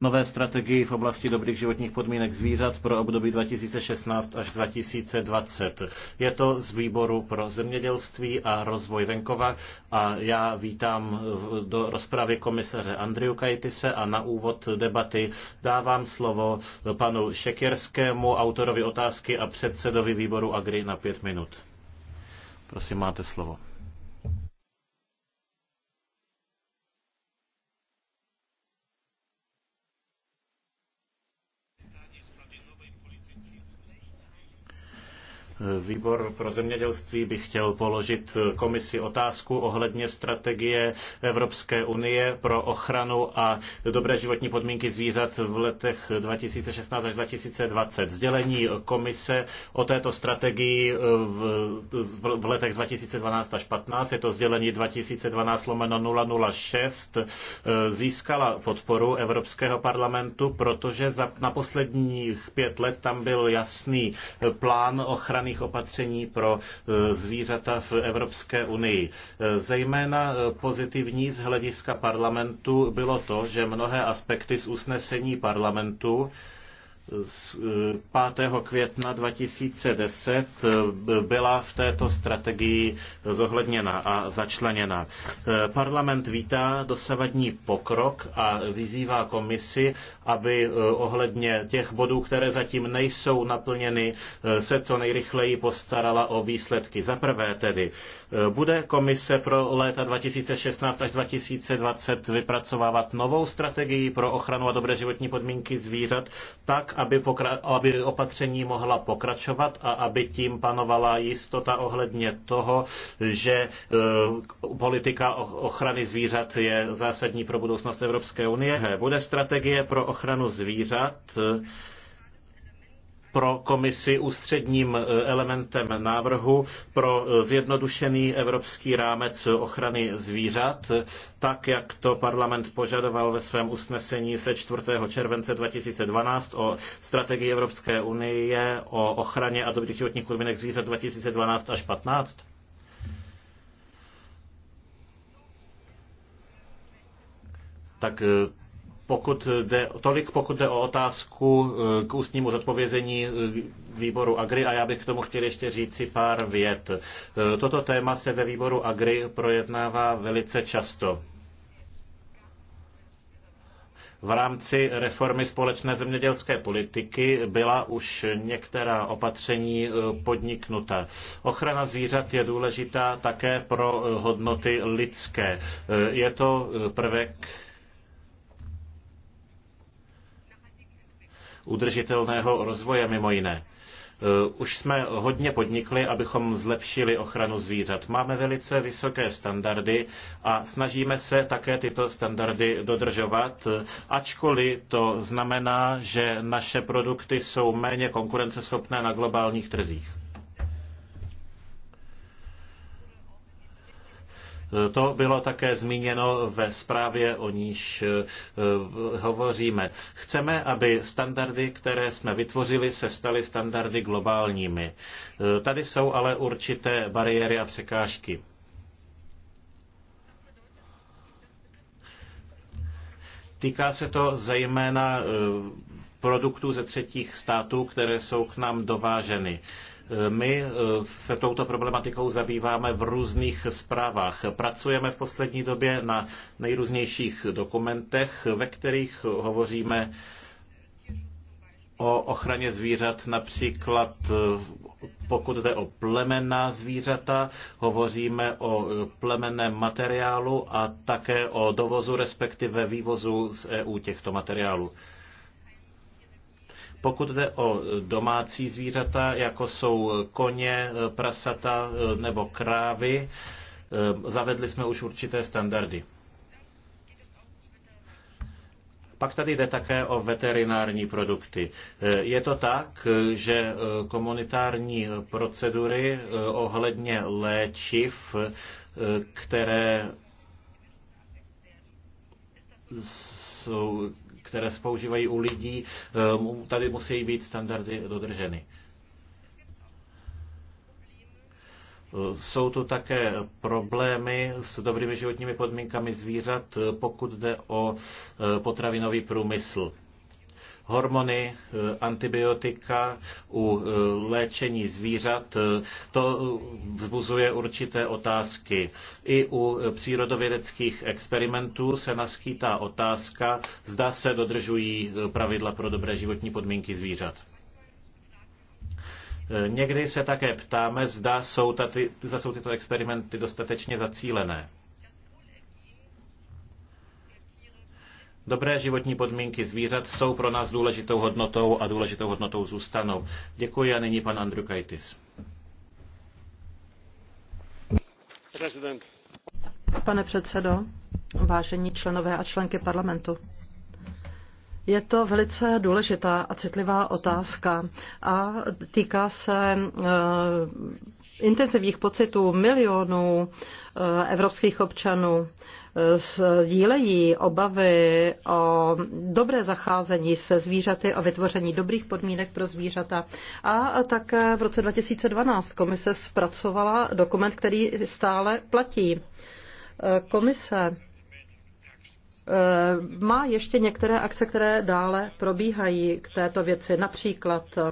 nové strategii v oblasti dobrých životních podmínek zvířat pro období 2016 až 2020. Je to z výboru pro zemědělství a rozvoj venkova a já vítám do rozpravy komisaře Andriu Kajtise a na úvod debaty dávám slovo panu Šekerskému, autorovi otázky a předsedovi výboru Agri na pět minut. Prosím, máte slovo. Výbor pro zemědělství by chtěl položit komisi otázku ohledně strategie Evropské unie pro ochranu a dobré životní podmínky zvířat v letech 2016 až 2020. Sdělení komise o této strategii v, v letech 2012 až 2015, je to sdělení 2012 lomeno 006, získala podporu Evropského parlamentu, protože za, na posledních pět let tam byl jasný plán ochrany ochranných opatření pro e, zvířata v Evropské unii. E, zejména e, pozitivní z hlediska parlamentu bylo to, že mnohé aspekty z usnesení parlamentu z 5. Eh, května 2010 eh, byla v této strategii zohledněna a začleněna. Eh, parlament vítá dosavadní pokrok a vyzývá komisi, aby ohledně těch bodů, které zatím nejsou naplněny, se co nejrychleji postarala o výsledky. Za prvé tedy bude komise pro léta 2016 až 2020 vypracovávat novou strategii pro ochranu a dobré životní podmínky zvířat tak, aby, aby opatření mohla pokračovat a aby tím panovala jistota ohledně toho, že e, politika ochrany zvířat je zásadní pro budoucnost Evropské unie. Bude strategie pro ochranu zvířat pro komisi ústředním eh, elementem návrhu pro eh, zjednodušený evropský rámec ochrany zvířat, tak jak to parlament požadoval ve svém usnesení se 4. července 2012 o strategii Evropské unie o ochraně a dobrých životních podmínek zvířat 2012 až 15? Tak eh, pokud jde, tolik pokud jde o otázku eh, k ústnímu zodpovězení eh, výboru Agri a já bych k tomu chtěl ještě říci pár vět. Eh, toto téma se ve výboru Agri projednává velice často. V rámci reformy společné zemědělské politiky byla už některá opatření podniknuta. Ochrana zvířat je důležitá také pro hodnoty lidské. Je to prvek, udržitelného rozvoje mimo jiné. E, už jsme hodně podnikli, abychom zlepšili ochranu zvířat. Máme velice vysoké standardy a snažíme se také tyto standardy dodržovat, e, ačkoliv to znamená, že naše produkty jsou méně konkurenceschopné na globálních trzích. To bylo také zmíněno ve zprávě, o níž e, hovoříme. Chceme, aby standardy, které jsme vytvořili, se staly standardy globálními. E, tady jsou ale určité bariéry a překážky. Týká se to zejména e, produktů ze třetích států, které jsou k nám dováženy. My eh, se touto problematikou zabýváme v různých zprávách. Pracujeme v poslední době na nejrůznějších dokumentech, ve kterých hovoříme o ochraně zvířat, například eh, pokud jde o plemenná zvířata, hovoříme o eh, plemenném materiálu a také o dovozu, respektive vývozu z EU těchto materiálů. Pokud jde o domácí zvířata, jako jsou koně, prasata eh, nebo krávy, eh, zavedli jsme už určité standardy. Pak tady jde také o veterinární produkty. Eh, je to tak, že komunitární procedury ohledně léčiv, které které se používají u lidí, eh, tady musí být standardy dodrženy. Jsou tu také problémy s dobrými životními podmínkami zvířat, eh, pokud jde o eh, potravinový průmysl hormony, e, antibiotika u e, léčení zvířat, e, to vzbuzuje určité otázky. I u přírodovědeckých experimentů se naskýtá otázka, zda se dodržují pravidla pro dobré životní podmínky zvířat. Někdy se také ptáme, zda jsou, tady, zda jsou tyto experimenty dostatečně zacílené. Dobré životní podmínky zvířat jsou pro nás důležitou hodnotou a důležitou hodnotou zůstanou. Děkuji a nyní pan Andrew Kajtis. Pane předsedo, vážení členové a členky parlamentu, je to velice důležitá a citlivá otázka a týká se eh, intenzivních pocitů milionů eh, evropských občanů sdílejí obavy o dobré zacházení se zvířaty, o vytvoření dobrých podmínek pro zvířata. A také v roce 2012 komise zpracovala dokument, který stále platí. Komise eh, má ještě některé akce, které dále probíhají k této věci, například eh,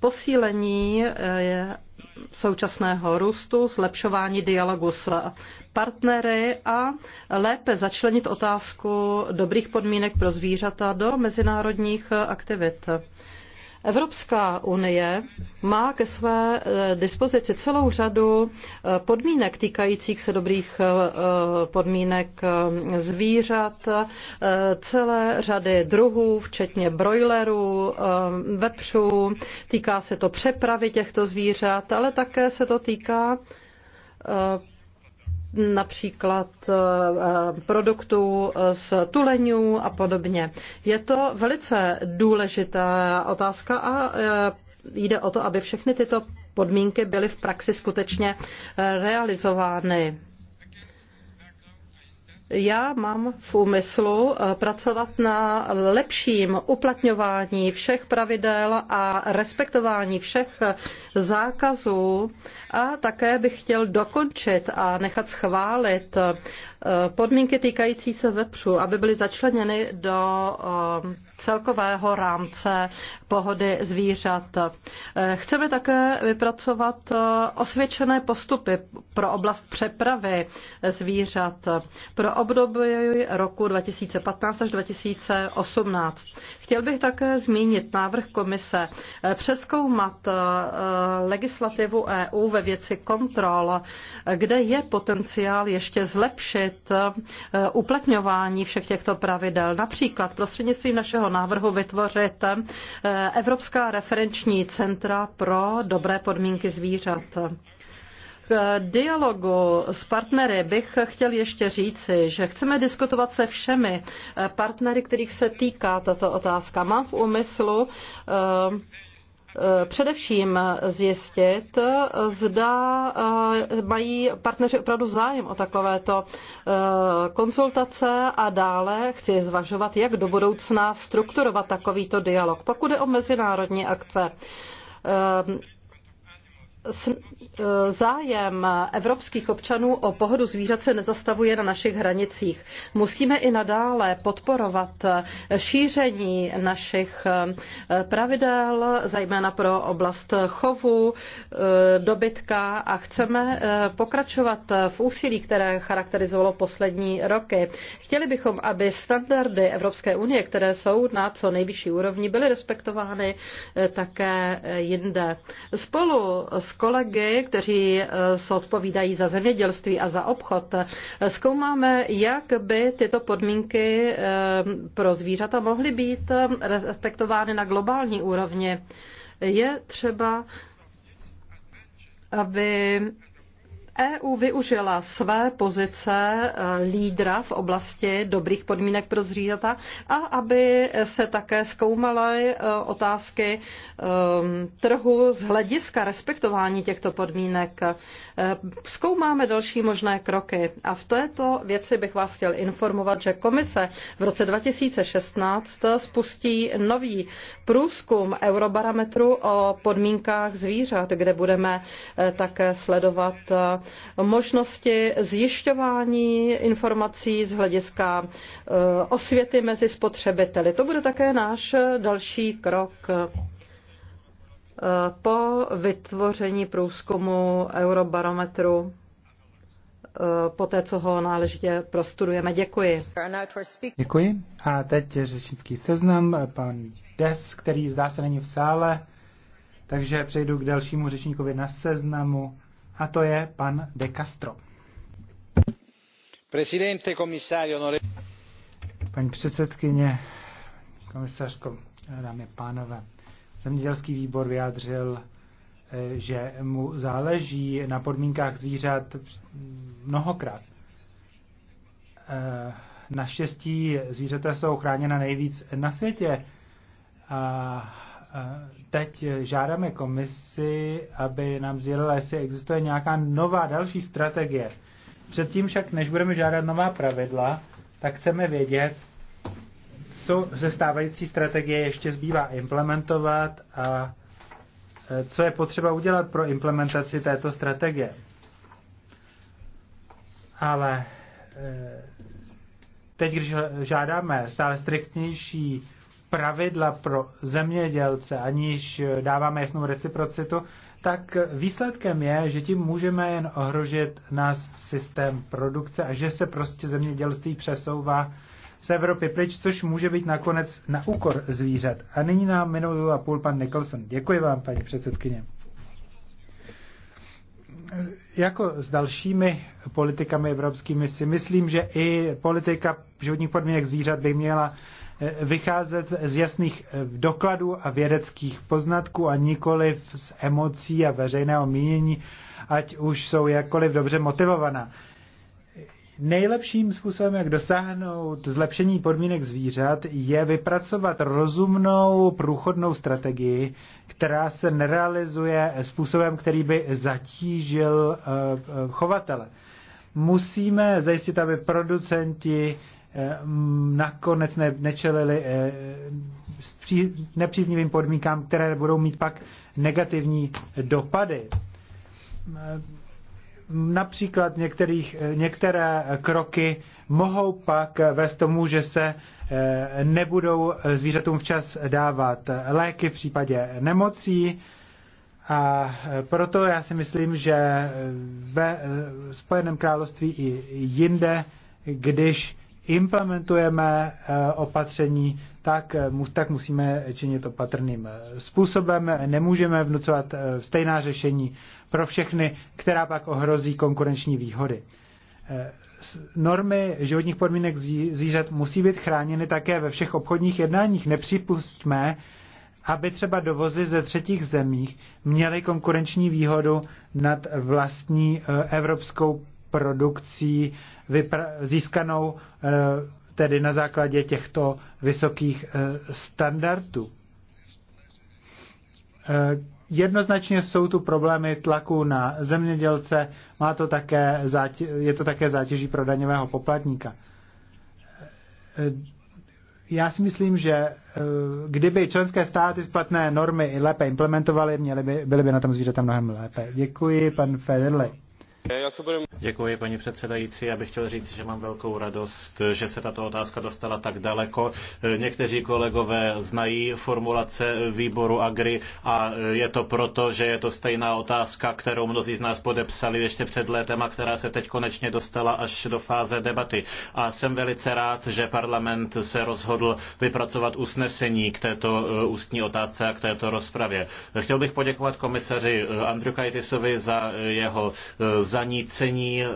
posílení eh, současného růstu, zlepšování dialogu s partnery a lépe začlenit otázku dobrých podmínek pro zvířata do mezinárodních aktivit. Evropská unie má ke své eh, dispozici celou řadu eh, podmínek týkajících se dobrých eh, podmínek zvířat, celé řady druhů, včetně brojlerů, vepřů. Týká se to přepravy těchto zvířat, ale také se to týká například eh, produktů z tuleňů a podobně. Je to velice důležitá otázka a eh, jde o to, aby všechny tyto podmínky byly v praxi skutečně eh, realizovány. Já mám v úmyslu eh, pracovat na lepším uplatňování všech pravidel a respektování všech eh, zákazů a také bych chtěl dokončit a nechat schválit eh, podmínky týkající se vepřů, aby byly začleněny do celkového rámce pohody zvířat. Eh, chceme také vypracovat eh, osvědčené postupy pro oblast přepravy zvířat pro období roku 2015 až 2018. Chtěl bych také zmínit návrh komise eh, přeskoumat legislativu EU ve věci kontrol, kde je potenciál ještě zlepšit uplatňování všech těchto pravidel. Například prostřednictvím našeho mého návrhu vytvořit eh, Evropská referenční centra pro dobré podmínky zvířat. K dialogu s partnery bych chtěl ještě říci, že chceme diskutovat se všemi eh, partnery, kterých se týká tato otázka. Mám v úmyslu uh, Eh, především zjistit, eh, zda eh, mají partneři opravdu zájem o takovéto konzultace a dále chci zvažovat, jak do budoucna strukturovat takovýto dialog. Pokud je o mezinárodní akce, Eh, zájem evropských občanů o pohodu zvířat se nezastavuje na našich hranicích. Musíme i nadále podporovat eh, šíření našich eh, pravidel, zejména pro oblast chovu, dobytka a chceme pokračovat v úsilí, které charakterizovalo poslední roky. Chtěli bychom, aby standardy Evropské unie, které jsou na co nejvyšší úrovni, byly respektovány také jinde. Spolu s kolegy, kteří eh, se odpovídají za zemědělství a za obchod, zkoumáme, jak by tyto podmínky eh, pro zvířata mohly být eh, respektovány na globální úrovni. Je třeba aby EU využila své pozice e, lídra v oblasti dobrých podmínek pro zvířata a aby se také zkoumaly e, otázky e, trhu z hlediska respektování těchto podmínek. Zkoumáme další možné kroky a v této věci bych vás chtěl informovat, že komise v roce 2016 spustí nový průzkum Eurobarometru o podmínkách zvířat, kde budeme také sledovat možnosti zjišťování informací z hlediska eh, osvěty mezi spotřebiteli. To bude také náš další krok eh, po vytvoření průzkumu Eurobarometru eh, po té, co ho náležitě prostudujeme. Děkuji. Děkuji. A teď je řečnický seznam, pan Des, který zdá se není v sále, takže přejdu k dalšímu řečníkovi na seznamu, a to je pan De Castro. Presidente, onore... Paní předsedkyně, komisařko, dámy a pánové, zemědělský výbor vyjádřil, eh, že mu záleží na podmínkách zvířat mnohokrát. Eh, naštěstí zvířata jsou chráněna nejvíc na světě. A teď eh, žádáme komisi, aby nám sdělila, jestli existuje nějaká nová další strategie. Předtím však, než budeme žádat nová pravidla, tak chceme vědět, co ze stávající strategie ještě zbývá implementovat a eh, co je potřeba udělat pro implementaci této strategie. Ale eh, teď, když žádáme stále striktnější pravidla pro zemědělce, aniž dáváme jasnou reciprocitu, tak výsledkem je, že tím můžeme jen ohrožit nás systém produkce a že se prostě zemědělství přesouvá z Evropy pryč, což může být nakonec na úkor zvířat. A nyní nám minulý a půl pan Nicholson. Děkuji vám, paní předsedkyně. Jako s dalšími politikami evropskými si myslím, že i politika životních podmínek zvířat by měla vycházet z jasných eh, dokladů a vědeckých poznatků a nikoli z emocí a veřejného mínění, ať už jsou jakkoliv dobře motivovaná. Nejlepším způsobem, jak dosáhnout zlepšení podmínek zvířat, je vypracovat rozumnou průchodnou strategii, která se nerealizuje způsobem, který by zatížil eh, eh, chovatele. Musíme zajistit, aby producenti Eh, nakonec ne, nečelili eh, nepříznivým podmínkám, které budou mít pak negativní dopady. Eh, například některých, některé kroky mohou pak vést tomu, že se nebudou zvířatům včas dávat léky v případě nemocí, a proto já si myslím, že ve Spojeném království i jinde, když implementujeme eh, opatření, tak, eh, tak musíme činit opatrným eh, způsobem. Nemůžeme vnucovat stejná řešení pro všechny, která pak ohrozí konkurenční výhody. Normy životních podmínek zvířat musí být chráněny také ve všech obchodních jednáních. Nepřipustíme, aby třeba dovozy ze třetích zemích měly konkurenční výhodu nad vlastní evropskou produkcí získanou eh, tedy na základě těchto vysokých eh, standardů. Eh, jednoznačně jsou tu problémy tlaku na zemědělce, má to také je to také zátěží pro daňového poplatníka. Já si myslím, že kdyby členské státy splatné normy lépe implementovaly, měly by, byly by na tom zvířata mnohem lépe. Děkuji, pan Federley. Děkuji, paní předsedající. Já bych chtěl říct, že mám velkou radost, že se tato otázka dostala tak daleko. Někteří kolegové znají formulace výboru Agri a je to proto, že je to stejná otázka, kterou mnozí z nás podepsali ještě před létem a která se teď konečně dostala až do fáze debaty. A jsem velice rád, že parlament se rozhodl vypracovat usnesení k této eh, ústní otázce a k této rozpravě. Chtěl bych poděkovat komisaři eh, Andriu Kajtisovi za eh, jeho zanícení eh,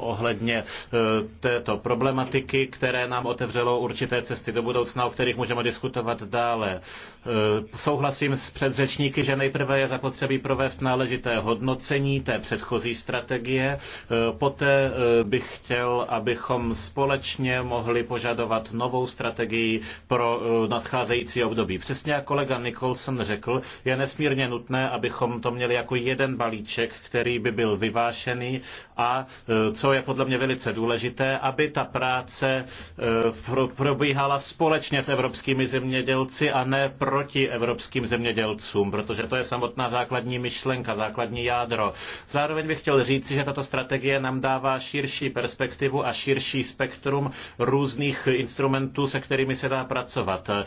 ohledně eh, této problematiky, které nám otevřelo určité cesty do budoucna, o kterých můžeme diskutovat dále. Eh, souhlasím s předřečníky, že nejprve je zapotřebí provést náležité hodnocení té předchozí strategie. Poté bych chtěl, abychom společně mohli požadovat novou strategii pro nadcházející období. Přesně jak kolega Nicholson řekl, je nesmírně nutné, abychom to měli jako jeden balíček, který by byl vyvážený a e, co je podle mě velice důležité, aby ta práce e, probíhala společně s evropskými zemědělci a ne proti evropským zemědělcům, protože to je samotná základní myšlenka, základní jádro. Zároveň bych chtěl říci, že tato strategie nám dává širší perspektivu a širší spektrum různých instrumentů, se kterými se dá pracovat. E,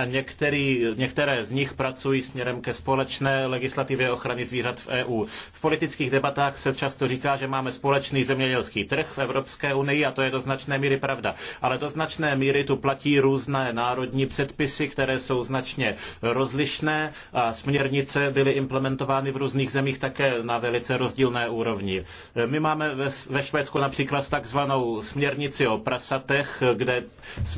a některý, některé z nich pracují směrem ke společné legislativě ochrany zvířat v EU. V politických debatách se často často říká, že máme společný zemědělský trh v Evropské unii a to je do značné míry pravda. Ale do značné míry tu platí různé národní předpisy, které jsou značně rozlišné a směrnice byly implementovány v různých zemích také na velice rozdílné úrovni. My máme ve, ve Švédsku například takzvanou směrnici o prasatech, kde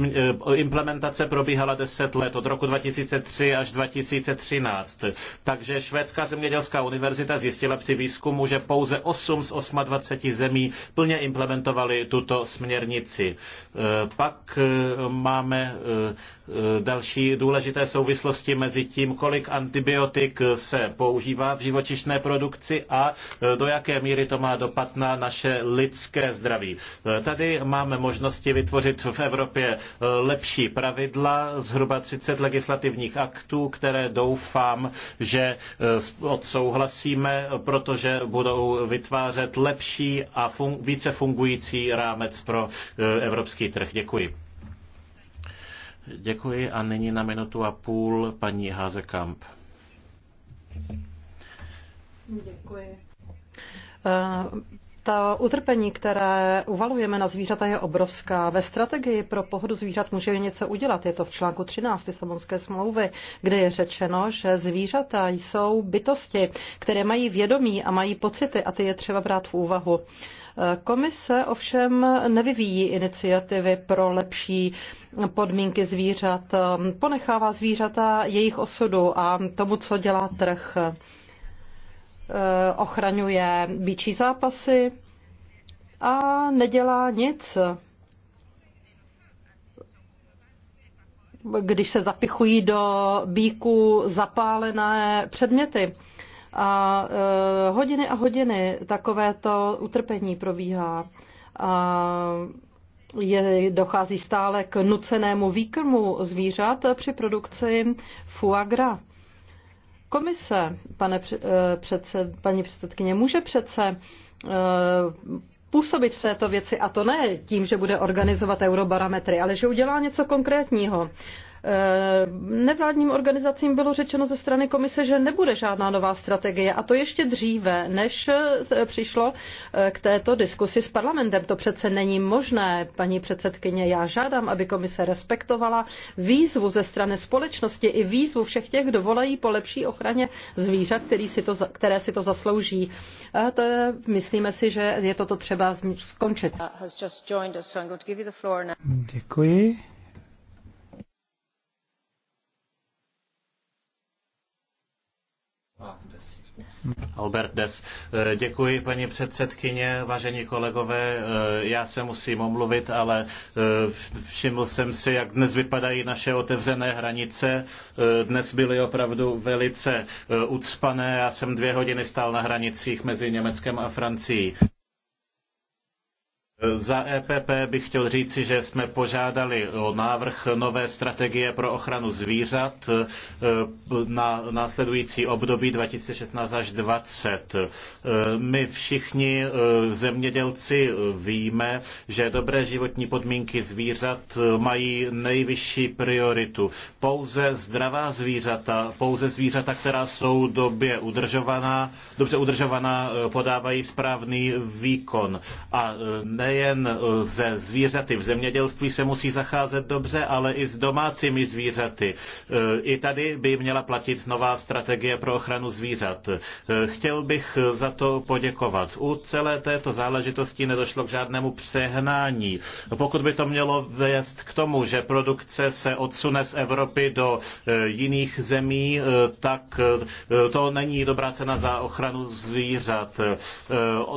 eh, implementace probíhala 10 let od roku 2003 až 2013. Takže Švédská zemědělská univerzita zjistila při výzkumu, že pouze 8 8 z 28 zemí plně implementovali tuto směrnici. E, pak e, máme e, Eh, další důležité souvislosti mezi tím, kolik antibiotik se používá v živočišné produkci a eh, do jaké míry to má dopad na naše lidské zdraví. Eh, tady máme možnosti vytvořit v Evropě lepší pravidla, zhruba 30 legislativních aktů, které doufám, že odsouhlasíme, protože budou vytvářet lepší a fun- více fungující rámec pro evropský trh. Děkuji. Děkuji a nyní na minutu a půl paní Házekamp. Děkuji. Uh ta utrpení, které uvalujeme na zvířata, je obrovská. Ve strategii pro pohodu zvířat může něco udělat. Je to v článku 13 Lisabonské smlouvy, kde je řečeno, že zvířata jsou bytosti, které mají vědomí a mají pocity a ty je třeba brát v úvahu. Komise ovšem nevyvíjí iniciativy pro lepší podmínky zvířat, ponechává zvířata jejich osudu a tomu, co dělá trh. Eh, ochraňuje býčí zápasy a nedělá nic když se zapichují do bíku zapálené předměty. A e, hodiny a hodiny takovéto utrpení probíhá. A je, dochází stále k nucenému výkrmu zvířat při produkci foie gras. Komise, pane, e, předsed, paní předsedkyně, může přece e, působit v této věci, a to ne tím, že bude organizovat eurobarometry, ale že udělá něco konkrétního. Eh, nevládním organizacím bylo řečeno ze strany komise, že nebude žádná nová strategie a to ještě dříve, než přišlo eh, k této diskusi s parlamentem. To přece není možné, paní předsedkyně. Já žádám, aby komise respektovala výzvu ze strany společnosti i výzvu všech těch, kdo volají po lepší ochraně zvířat, který si to, které si to zaslouží. A to je, myslíme si, že je toto třeba skončit. Uh, Děkuji. Albert Des. Eh, děkuji, paní předsedkyně, vážení kolegové. Eh, já se musím omluvit, ale eh, všiml jsem si, jak dnes vypadají naše otevřené hranice. Dnes byly opravdu velice ucpané. Já jsem dvě hodiny stál na hranicích mezi Německem a Francií. Za EPP bych chtěl říci, že jsme požádali o návrh nové strategie pro ochranu zvířat e, na následující období 2016 až 2020. E, my všichni e, zemědělci víme, že dobré životní podmínky zvířat mají nejvyšší prioritu. Pouze zdravá zvířata, pouze zvířata, která jsou době udržovaná, dobře udržovaná, podávají správný výkon. A ne nejen eh, ze zvířaty v zemědělství se musí zacházet dobře, ale i s domácími zvířaty. Eh, I tady by měla platit nová strategie pro ochranu zvířat. Eh, chtěl bych za to poděkovat. U celé této záležitosti nedošlo k žádnému přehnání. Pokud by to mělo vést k tomu, že produkce se odsune z Evropy do jiných zemí, tak to není dobrá cena za ochranu zvířat.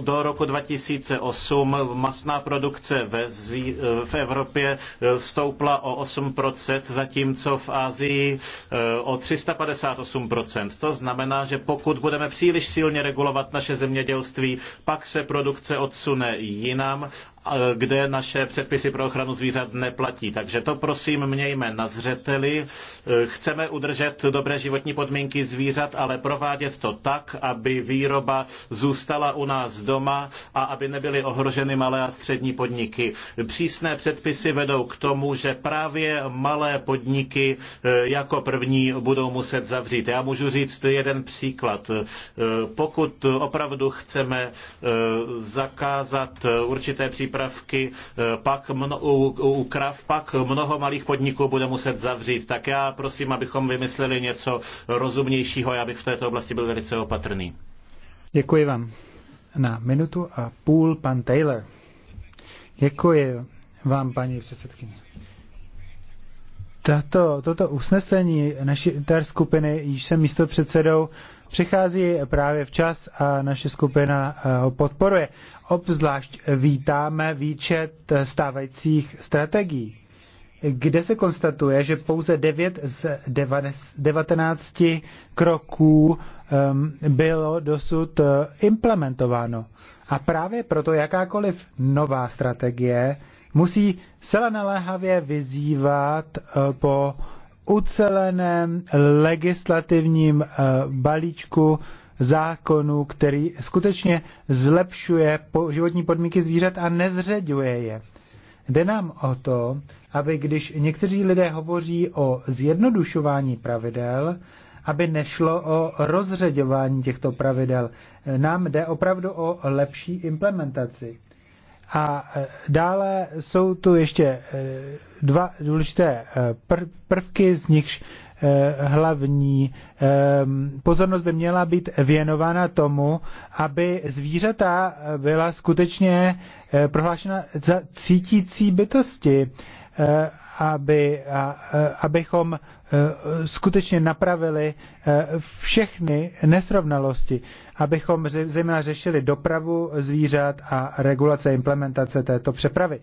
Do roku 2008 maso masná produkce ve eh, v Evropě eh, stoupla o 8%, zatímco v Asii eh, o 358%. To znamená, že pokud budeme příliš silně regulovat naše zemědělství, pak se produkce odsune jinam kde naše předpisy pro ochranu zvířat neplatí. Takže to prosím mějme na zřeteli. Chceme udržet dobré životní podmínky zvířat, ale provádět to tak, aby výroba zůstala u nás doma a aby nebyly ohroženy malé a střední podniky. Přísné předpisy vedou k tomu, že právě malé podniky eh, jako první budou muset zavřít. Já můžu říct jeden příklad. Eh, pokud opravdu chceme eh, zakázat určité případy, přípravky, eh, pak mno, u, u krav, pak mnoho malých podniků bude muset zavřít. Tak já prosím, abychom vymysleli něco rozumnějšího, já bych v této oblasti byl velice opatrný. Děkuji vám. Na minutu a půl pan Taylor. Děkuji vám, paní předsedkyně. Tato, toto usnesení naší té skupiny již jsem místo předsedou přichází právě včas a naše skupina eh, ho podporuje. Obzvlášť vítáme výčet eh, stávajících strategií, kde se konstatuje, že pouze 9 z 19 kroků ehm, bylo dosud eh, implementováno. A právě proto jakákoliv nová strategie musí zcela naléhavě vyzývat po uceleném legislativním eh, balíčku zákonů, který skutečně zlepšuje životní podmínky zvířat a nezředuje je. Jde nám o to, aby když někteří lidé hovoří o zjednodušování pravidel, aby nešlo o rozředování těchto pravidel. Nám jde opravdu o lepší implementaci. A e, dále jsou tu ještě e, dva důležité e, prvky, z nichž hlavní pozornost by měla být věnována tomu, aby zvířata byla skutečně prohlášena za cítící bytosti aby, a, e, abychom e, skutečně napravili e, všechny nesrovnalosti, abychom zejména řešili dopravu zvířat a regulace implementace této přepravy.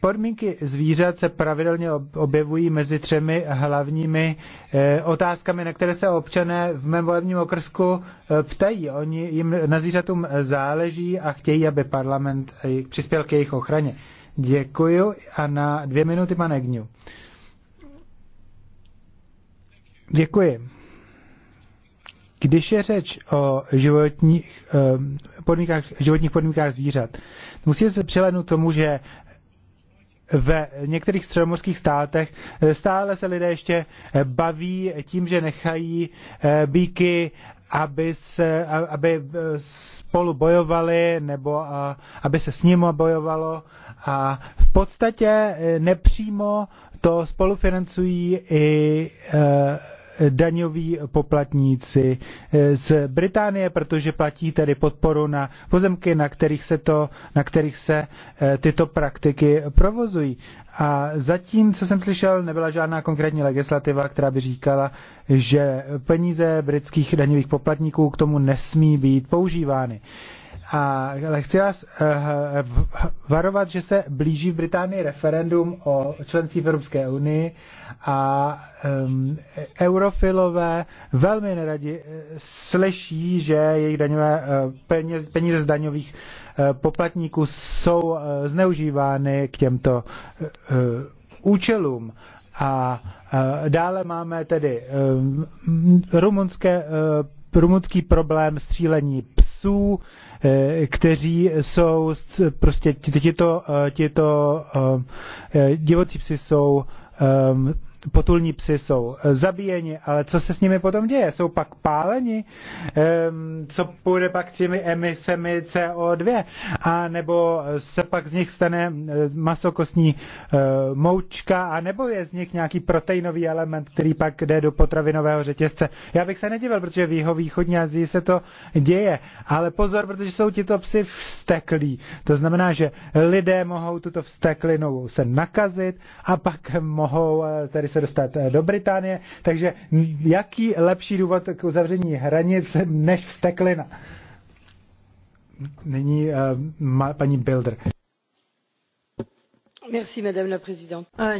Podmínky zvířat se pravidelně objevují mezi třemi hlavními otázkami, na které se občané v mém volebním okrsku ptají. Oni jim na zvířatům záleží a chtějí, aby parlament přispěl k jejich ochraně. Děkuji a na dvě minuty pane Gňu. Děkuji. Když je řeč o životních, eh, podmínkách, životních podmínkách zvířat, musíte se přelednout tomu, že ve některých středomorských státech eh, stále se lidé ještě eh, baví tím, že nechají bíky, aby, se, aby spolu bojovali nebo aby se s ním bojovalo a v podstatě e, nepřímo to spolufinancují i e, daňoví poplatníci e, z Británie, protože platí tedy podporu na pozemky, na kterých se, to, na kterých se tyto praktiky provozují. A zatím, co jsem slyšel, nebyla žádná konkrétní legislativa, která by říkala, že peníze britských daňových poplatníků k tomu nesmí být používány. A, chci vás uh, varovat, že se blíží v Británii referendum o členství v Evropské unii a um, eurofilové velmi neradi eh, slyší, že jejich daňové uh, peněz, peníze z daňových uh, poplatníků jsou uh, zneužívány k těmto uh, účelům. A uh, dále máme tedy um, rumunské, uh, rumunský problém střílení psů, Eh, kteří jsou prostě tyto eh, tyto eh, divocí psi jsou potulní psy jsou eh, zabíjeni, ale co se s nimi potom děje? Jsou pak páleni? Ehm, co půjde pak s těmi emisemi CO2? A nebo se pak z nich stane eh, masokostní eh, moučka? A nebo je z nich nějaký proteinový element, který pak jde do potravinového řetězce? Já bych se nedivil, protože v jeho východní Azii se to děje. Ale pozor, protože jsou tito psy vsteklí. To znamená, že lidé mohou tuto vsteklinou se nakazit a pak mohou tady se dostat eh, do Británie. Takže jaký lepší důvod k uzavření hranic než vsteklina, Není uh, eh, paní Bilder.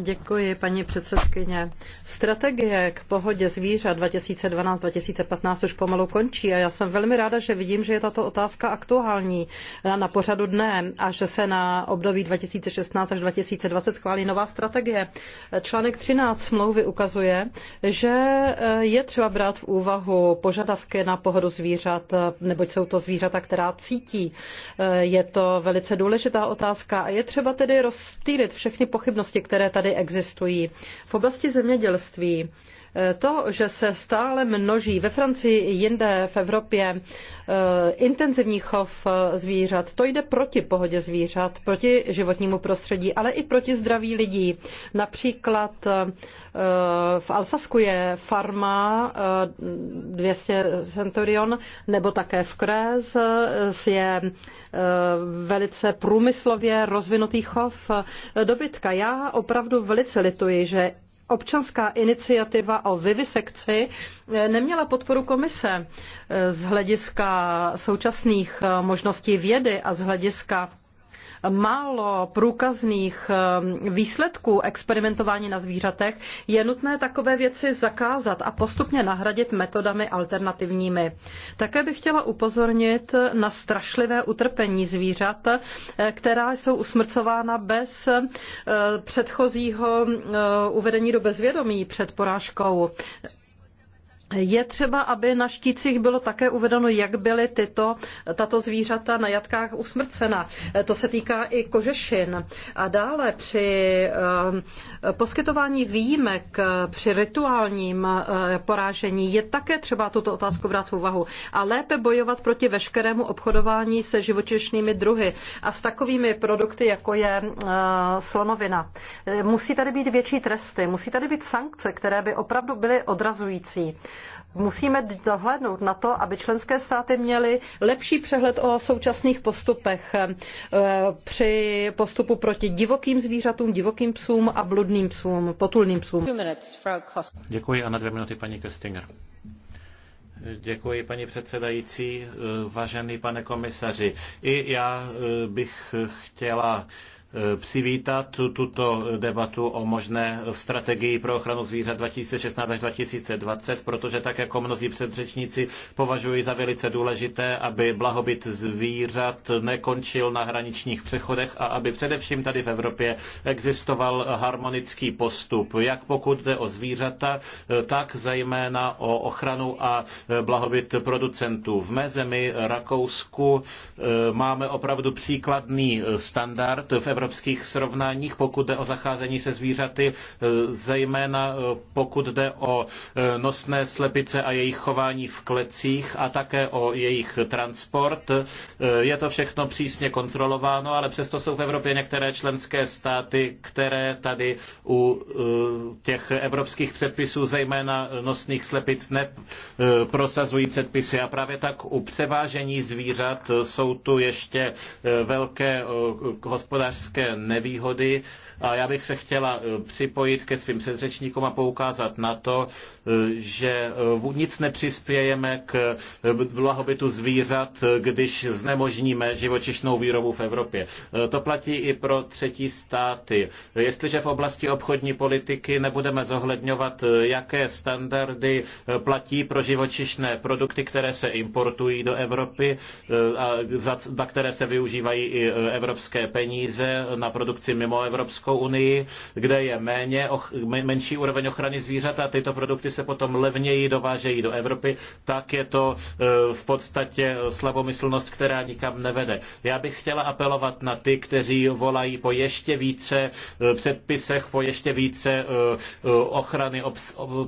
Děkuji, paní předsedkyně. Strategie k pohodě zvířat 2012-2015 už pomalu končí a já jsem velmi ráda, že vidím, že je tato otázka aktuální na pořadu dne a že se na období 2016 až 2020 schválí nová strategie. Článek 13 smlouvy ukazuje, že eh, je třeba brát v úvahu požadavky na pohodu zvířat, eh, neboť jsou to zvířata, která cítí. Eh, je to velice důležitá otázka a je třeba tedy rozstýlit rozptýlit všechny pochybnosti, které tady existují. V oblasti zemědělství to, že se stále množí ve Francii i jinde v Evropě eh, intenzivní chov eh, zvířat, to jde proti pohodě zvířat, proti životnímu prostředí, ale i proti zdraví lidí. Například eh, v Alsasku je farma 200 Centurion, nebo také v Kréz je velice průmyslově rozvinutý chov dobytka. Já opravdu velice lituji, že občanská iniciativa o vivisekci eh, neměla podporu komise eh, z hlediska současných eh, možností vědy a z hlediska málo průkazných ehm, výsledků experimentování na zvířatech, je nutné takové věci zakázat a postupně nahradit metodami alternativními. Také bych chtěla upozornit na strašlivé utrpení zvířat, eh, která jsou usmrcována bez eh, předchozího eh, uvedení do bezvědomí před porážkou. Je třeba, aby na štících bylo také uvedeno, jak byly tyto, tato zvířata na jatkách usmrcena. To se týká i kožešin. A dále při ehm, poskytování výjimek při rituálním eh, porážení je také třeba tuto otázku brát v úvahu a lépe bojovat proti veškerému obchodování se živočišnými druhy a s takovými produkty, jako je eh, slonovina. Eh, musí tady být větší tresty, musí tady být sankce, které by opravdu byly odrazující. Musíme dohlédnout na to, aby členské státy měly lepší přehled o současných postupech eh, při postupu proti divokým zvířatům, divokým psům a bludným psům, potulným psům. Děkuji a na dvě minuty paní Köstinger. Děkuji, paní předsedající. Eh, vážený pane komisaři, i já eh, bych chtěla Eh, přivítat tuto debatu o možné strategii pro ochranu zvířat 2016 až 2020, protože tak jako mnozí předřečníci považuji za velice důležité, aby blahobyt zvířat nekončil na hraničních přechodech a aby především tady v Evropě existoval harmonický postup, jak pokud jde o zvířata, eh, tak zejména o ochranu a eh, blahobyt producentů. V mé zemi Rakousku máme opravdu příkladný standard v Evropě Evropských srovnáních, pokud jde o zacházení se zvířaty, e, zejména e, pokud jde o e, nosné slepice a jejich chování v klecích a také o jejich transport. Je to všechno přísně kontrolováno, ale přesto jsou v Evropě některé členské státy, které tady u těch evropských předpisů, zejména nosných slepic, neprosazují předpisy. A právě tak u převážení zvířat jsou tu ještě velké hospodářské obrovské nevýhody a já bych se chtěla e, připojit ke svým předřečníkům a poukázat na to, e, že e, nic nepřispějeme k blahobytu zvířat, když znemožníme živočišnou výrobu v Evropě. To platí i pro třetí státy. Jestliže v oblasti obchodní politiky nebudeme zohledňovat, jaké standardy platí pro živočišné produkty, které se importují do Evropy, a za, na které se využívají i evropské peníze, na produkci mimo Evropskou unii, kde je méně, menší úroveň ochrany zvířat a tyto produkty se potom levněji dovážejí do Evropy, tak je to e, v podstatě slabomyslnost, která nikam nevede. Já bych chtěla apelovat na ty, kteří volají po ještě více e, předpisech, po ještě více e, ochrany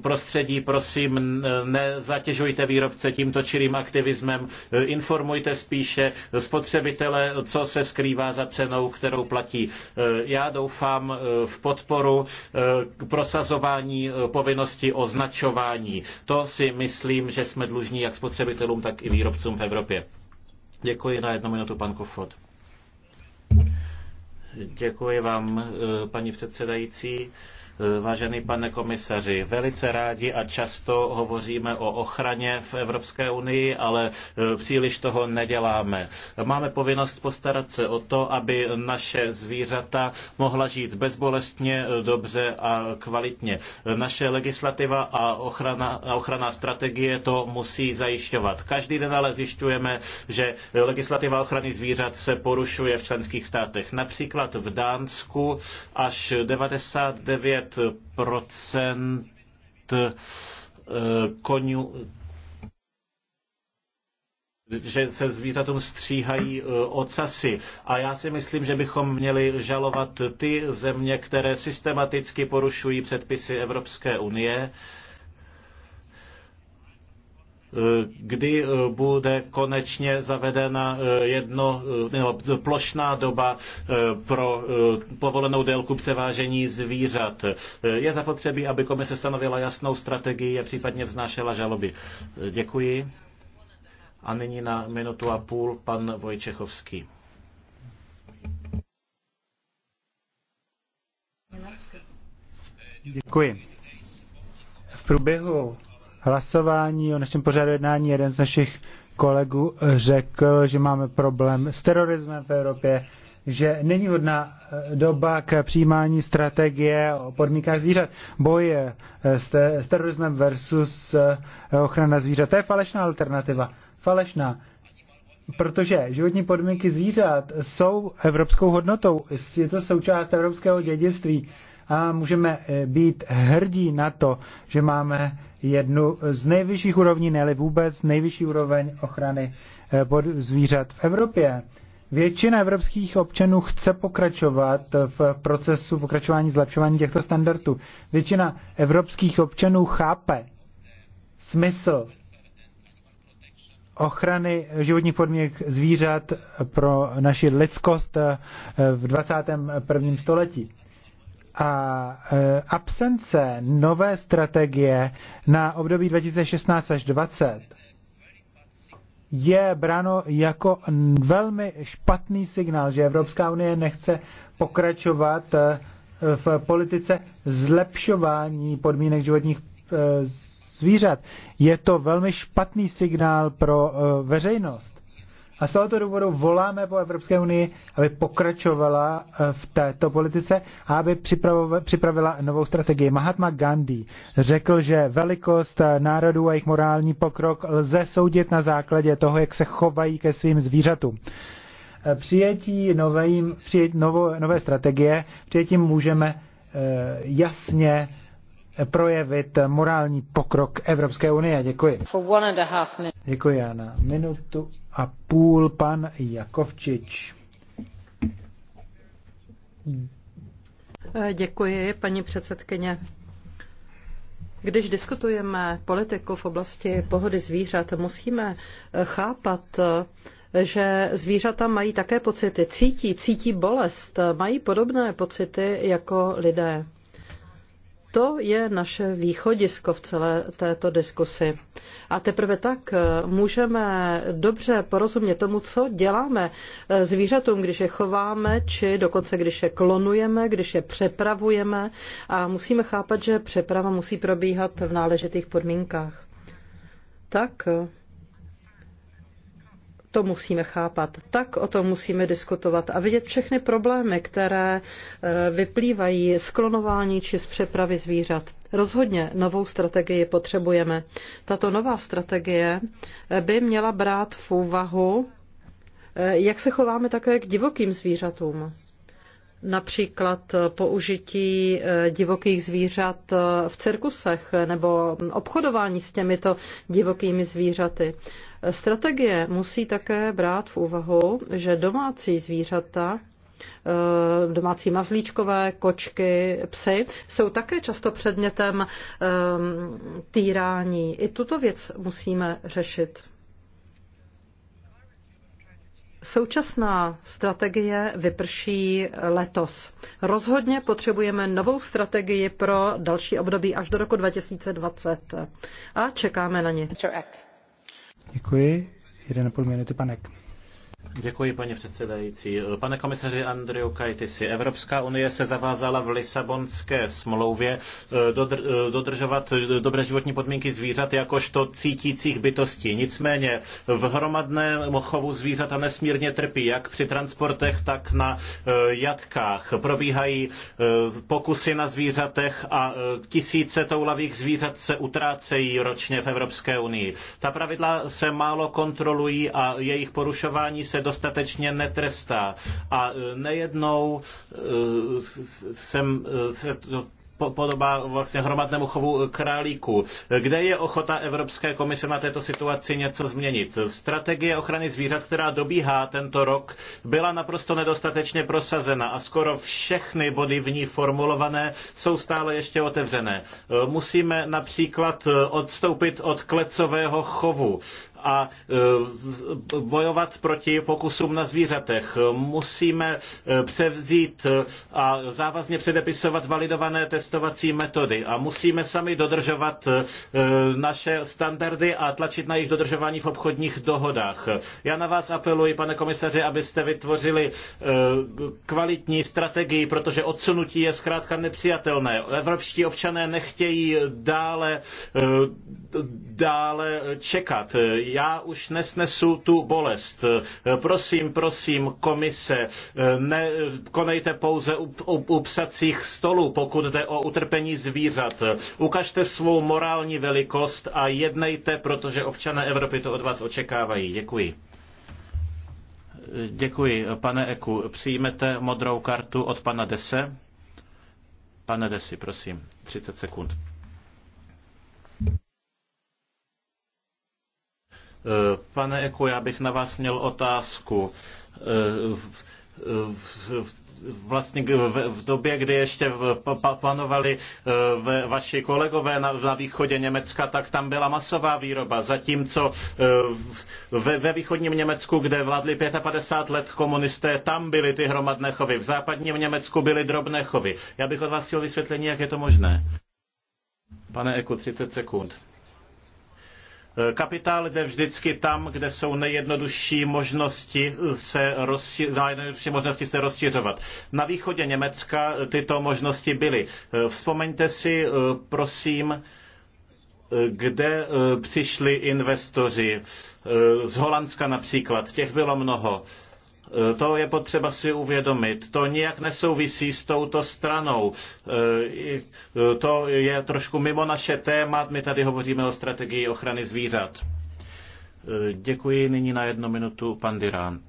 prostředí. Prosím, nezatěžujte výrobce tímto čirým aktivismem, informujte spíše spotřebitele, co se skrývá za cenou, kterou platí platí. E, já doufám e, v podporu e, prosazování povinnosti označování. To si myslím, že jsme dlužní jak spotřebitelům, tak i výrobcům v Evropě. Děkuji na jednu minutu, pan Kofod. Děkuji vám, paní předsedající. Eh, vážený pane komisaři, velice rádi a často hovoříme o ochraně v Evropské unii, ale eh, příliš toho neděláme. Máme povinnost postarat se o to, aby naše zvířata mohla žít bezbolestně, eh, dobře a kvalitně. Naše legislativa a ochrana, ochrana strategie to musí zajišťovat. Každý den ale zjišťujeme, že legislativa ochrany zvířat se porušuje v členských státech. Například v Dánsku až 99 25 eh, konňů, že se zvířatům stříhají eh, ocasy. A já si myslím, že bychom měli žalovat ty země, které systematicky porušují předpisy Evropské unie kdy eh, bude konečně zavedena eh, jedno, eh, nebo plošná doba pro povolenou délku převážení zvířat. Je zapotřebí, aby komise stanovila jasnou strategii a případně vznášela žaloby. Děkuji. A nyní na minutu a půl pan Vojčechovský. Děkuji. V průběhu hlasování o našem pořadu jednání jeden z našich kolegů řekl, že máme problém s terorismem v Evropě, že není hodná eh, doba k přijímání strategie o podmínkách zvířat. Boje eh, s, s terorismem versus eh, ochrana zvířat. To je falešná alternativa. Falešná. Protože životní podmínky zvířat jsou evropskou hodnotou. Je to součást evropského dědictví a můžeme eh, být hrdí na to, že máme jednu z nejvyšších úrovní, ne vůbec nejvyšší úroveň ochrany eh, zvířat v Evropě. Většina evropských občanů chce pokračovat v procesu pokračování zlepšování těchto standardů. Většina evropských občanů chápe smysl ochrany životních podmínek zvířat pro naši lidskost eh, v 21. století a e, absence nové strategie na období 2016 až 2020 je bráno jako velmi špatný signál, že Evropská unie nechce pokračovat e, v politice zlepšování podmínek životních e, zvířat. Je to velmi špatný signál pro veřejnost. A z tohoto důvodu voláme po Evropské unii, aby pokračovala eh, v této politice a aby připravila novou strategii. Mahatma Gandhi řekl, že velikost eh, národů a jejich morální pokrok lze soudit na základě toho, jak se chovají ke svým zvířatům. Eh, přijetí, nové, přijet, novo, nové strategie, přijetím můžeme jasně projevit morální pokrok Evropské unie. Děkuji. Děkuji, Jana. Minutu a půl pan Jakovčič. Děkuji, paní předsedkyně. Když diskutujeme politiku v oblasti pohody zvířat, musíme chápat, že zvířata mají také pocity, cítí, cítí bolest, mají podobné pocity jako lidé. To je naše východisko v celé této diskusi. A teprve tak eh, můžeme dobře porozumět tomu, co děláme eh, zvířatům, když je chováme, či dokonce když je klonujeme, když je přepravujeme. A musíme chápat, že přeprava musí probíhat v náležitých podmínkách. Tak eh, to musíme chápat, tak o tom musíme diskutovat a vidět všechny problémy, které eh, vyplývají z klonování či z přepravy zvířat. Rozhodně novou strategii potřebujeme. Tato nová strategie eh, by měla brát v úvahu, eh, jak se chováme také k divokým zvířatům například použití eh, divokých zvířat eh, v cirkusech nebo obchodování s těmito divokými zvířaty. Strategie musí také brát v úvahu, že domácí zvířata eh, domácí mazlíčkové, kočky, psy jsou také často předmětem týrání. I tuto věc musíme řešit. Současná strategie vyprší letos. Rozhodně potřebujeme novou strategii pro další období až do roku 2020 a čekáme na ně. Děkuji. Jeden a půl minuty, panek. Děkuji, paní předsedající. Pane komisaři Andriu Kajtisi, Evropská unie se zavázala v Lisabonské smlouvě eh, eh, dodržovat eh, dobré životní podmínky zvířat jakožto cítících bytostí. Nicméně v hromadném chovu zvířata nesmírně trpí, jak při transportech, tak na jatkách. Probíhají pokusy na zvířatech a tisíce toulavých zvířat se utrácejí ročně v Evropské unii. Ta pravidla se málo kontrolují a jejich porušování se se dostatečně netrestá. A e, nejednou jsem e, e, se to podobá vlastně hromadnému chovu králíku. Kde je ochota Evropské komise na této situaci něco změnit? Strategie ochrany zvířat, která dobíhá tento rok, byla naprosto nedostatečně prosazena a skoro všechny body v ní formulované jsou stále ještě otevřené. Musíme například odstoupit od klecového chovu a e, bojovat proti pokusům na zvířatech. Musíme e, převzít a závazně předepisovat validované testovací metody a musíme sami dodržovat e, naše standardy a tlačit na jejich dodržování v obchodních dohodách. Já na vás apeluji, pane komisaři, abyste vytvořili kvalitní strategii, protože odsunutí je zkrátka nepřijatelné. Evropští občané nechtějí dále, dále čekat já už nesnesu tu bolest. Prosím, prosím, komise, ne, konejte pouze u, u, u psacích stolů, pokud jde o utrpení zvířat. Ukažte svou morální velikost a jednejte, protože občané Evropy to od vás očekávají. Děkuji. Děkuji, pane Eku. Přijmete modrou kartu od pana Dese? Pane Desi, prosím, 30 sekund. Eh, pane Eku, já bych na vás měl otázku eh, vlastně v době, kdy ještě panovali eh, vaši kolegové na východě Německa, tak tam byla masová výroba, zatímco ve východním Německu, kde vládli 55 let komunisté, tam byly ty hromadné chovy, v západním Německu byly drobné chovy. Já bych od vás chtěl vysvětlení, jak je to možné. Pane Eku, 30 sekund. Kapitál jde vždycky tam, kde jsou nejjednodušší možnosti se, rozši- možnosti se rozšiřovat. Na východě Německa tyto možnosti byly. Vzpomeňte si, eh, prosím, kde eh, přišli investoři eh, z Holandska například, těch bylo mnoho. Eh, to je potřeba si uvědomit. To nijak nesouvisí s touto stranou. Eh, eh, to je trošku mimo naše téma. My tady hovoříme o strategii ochrany zvířat. Děkuji. Nyní na jednu minutu pan Dirán.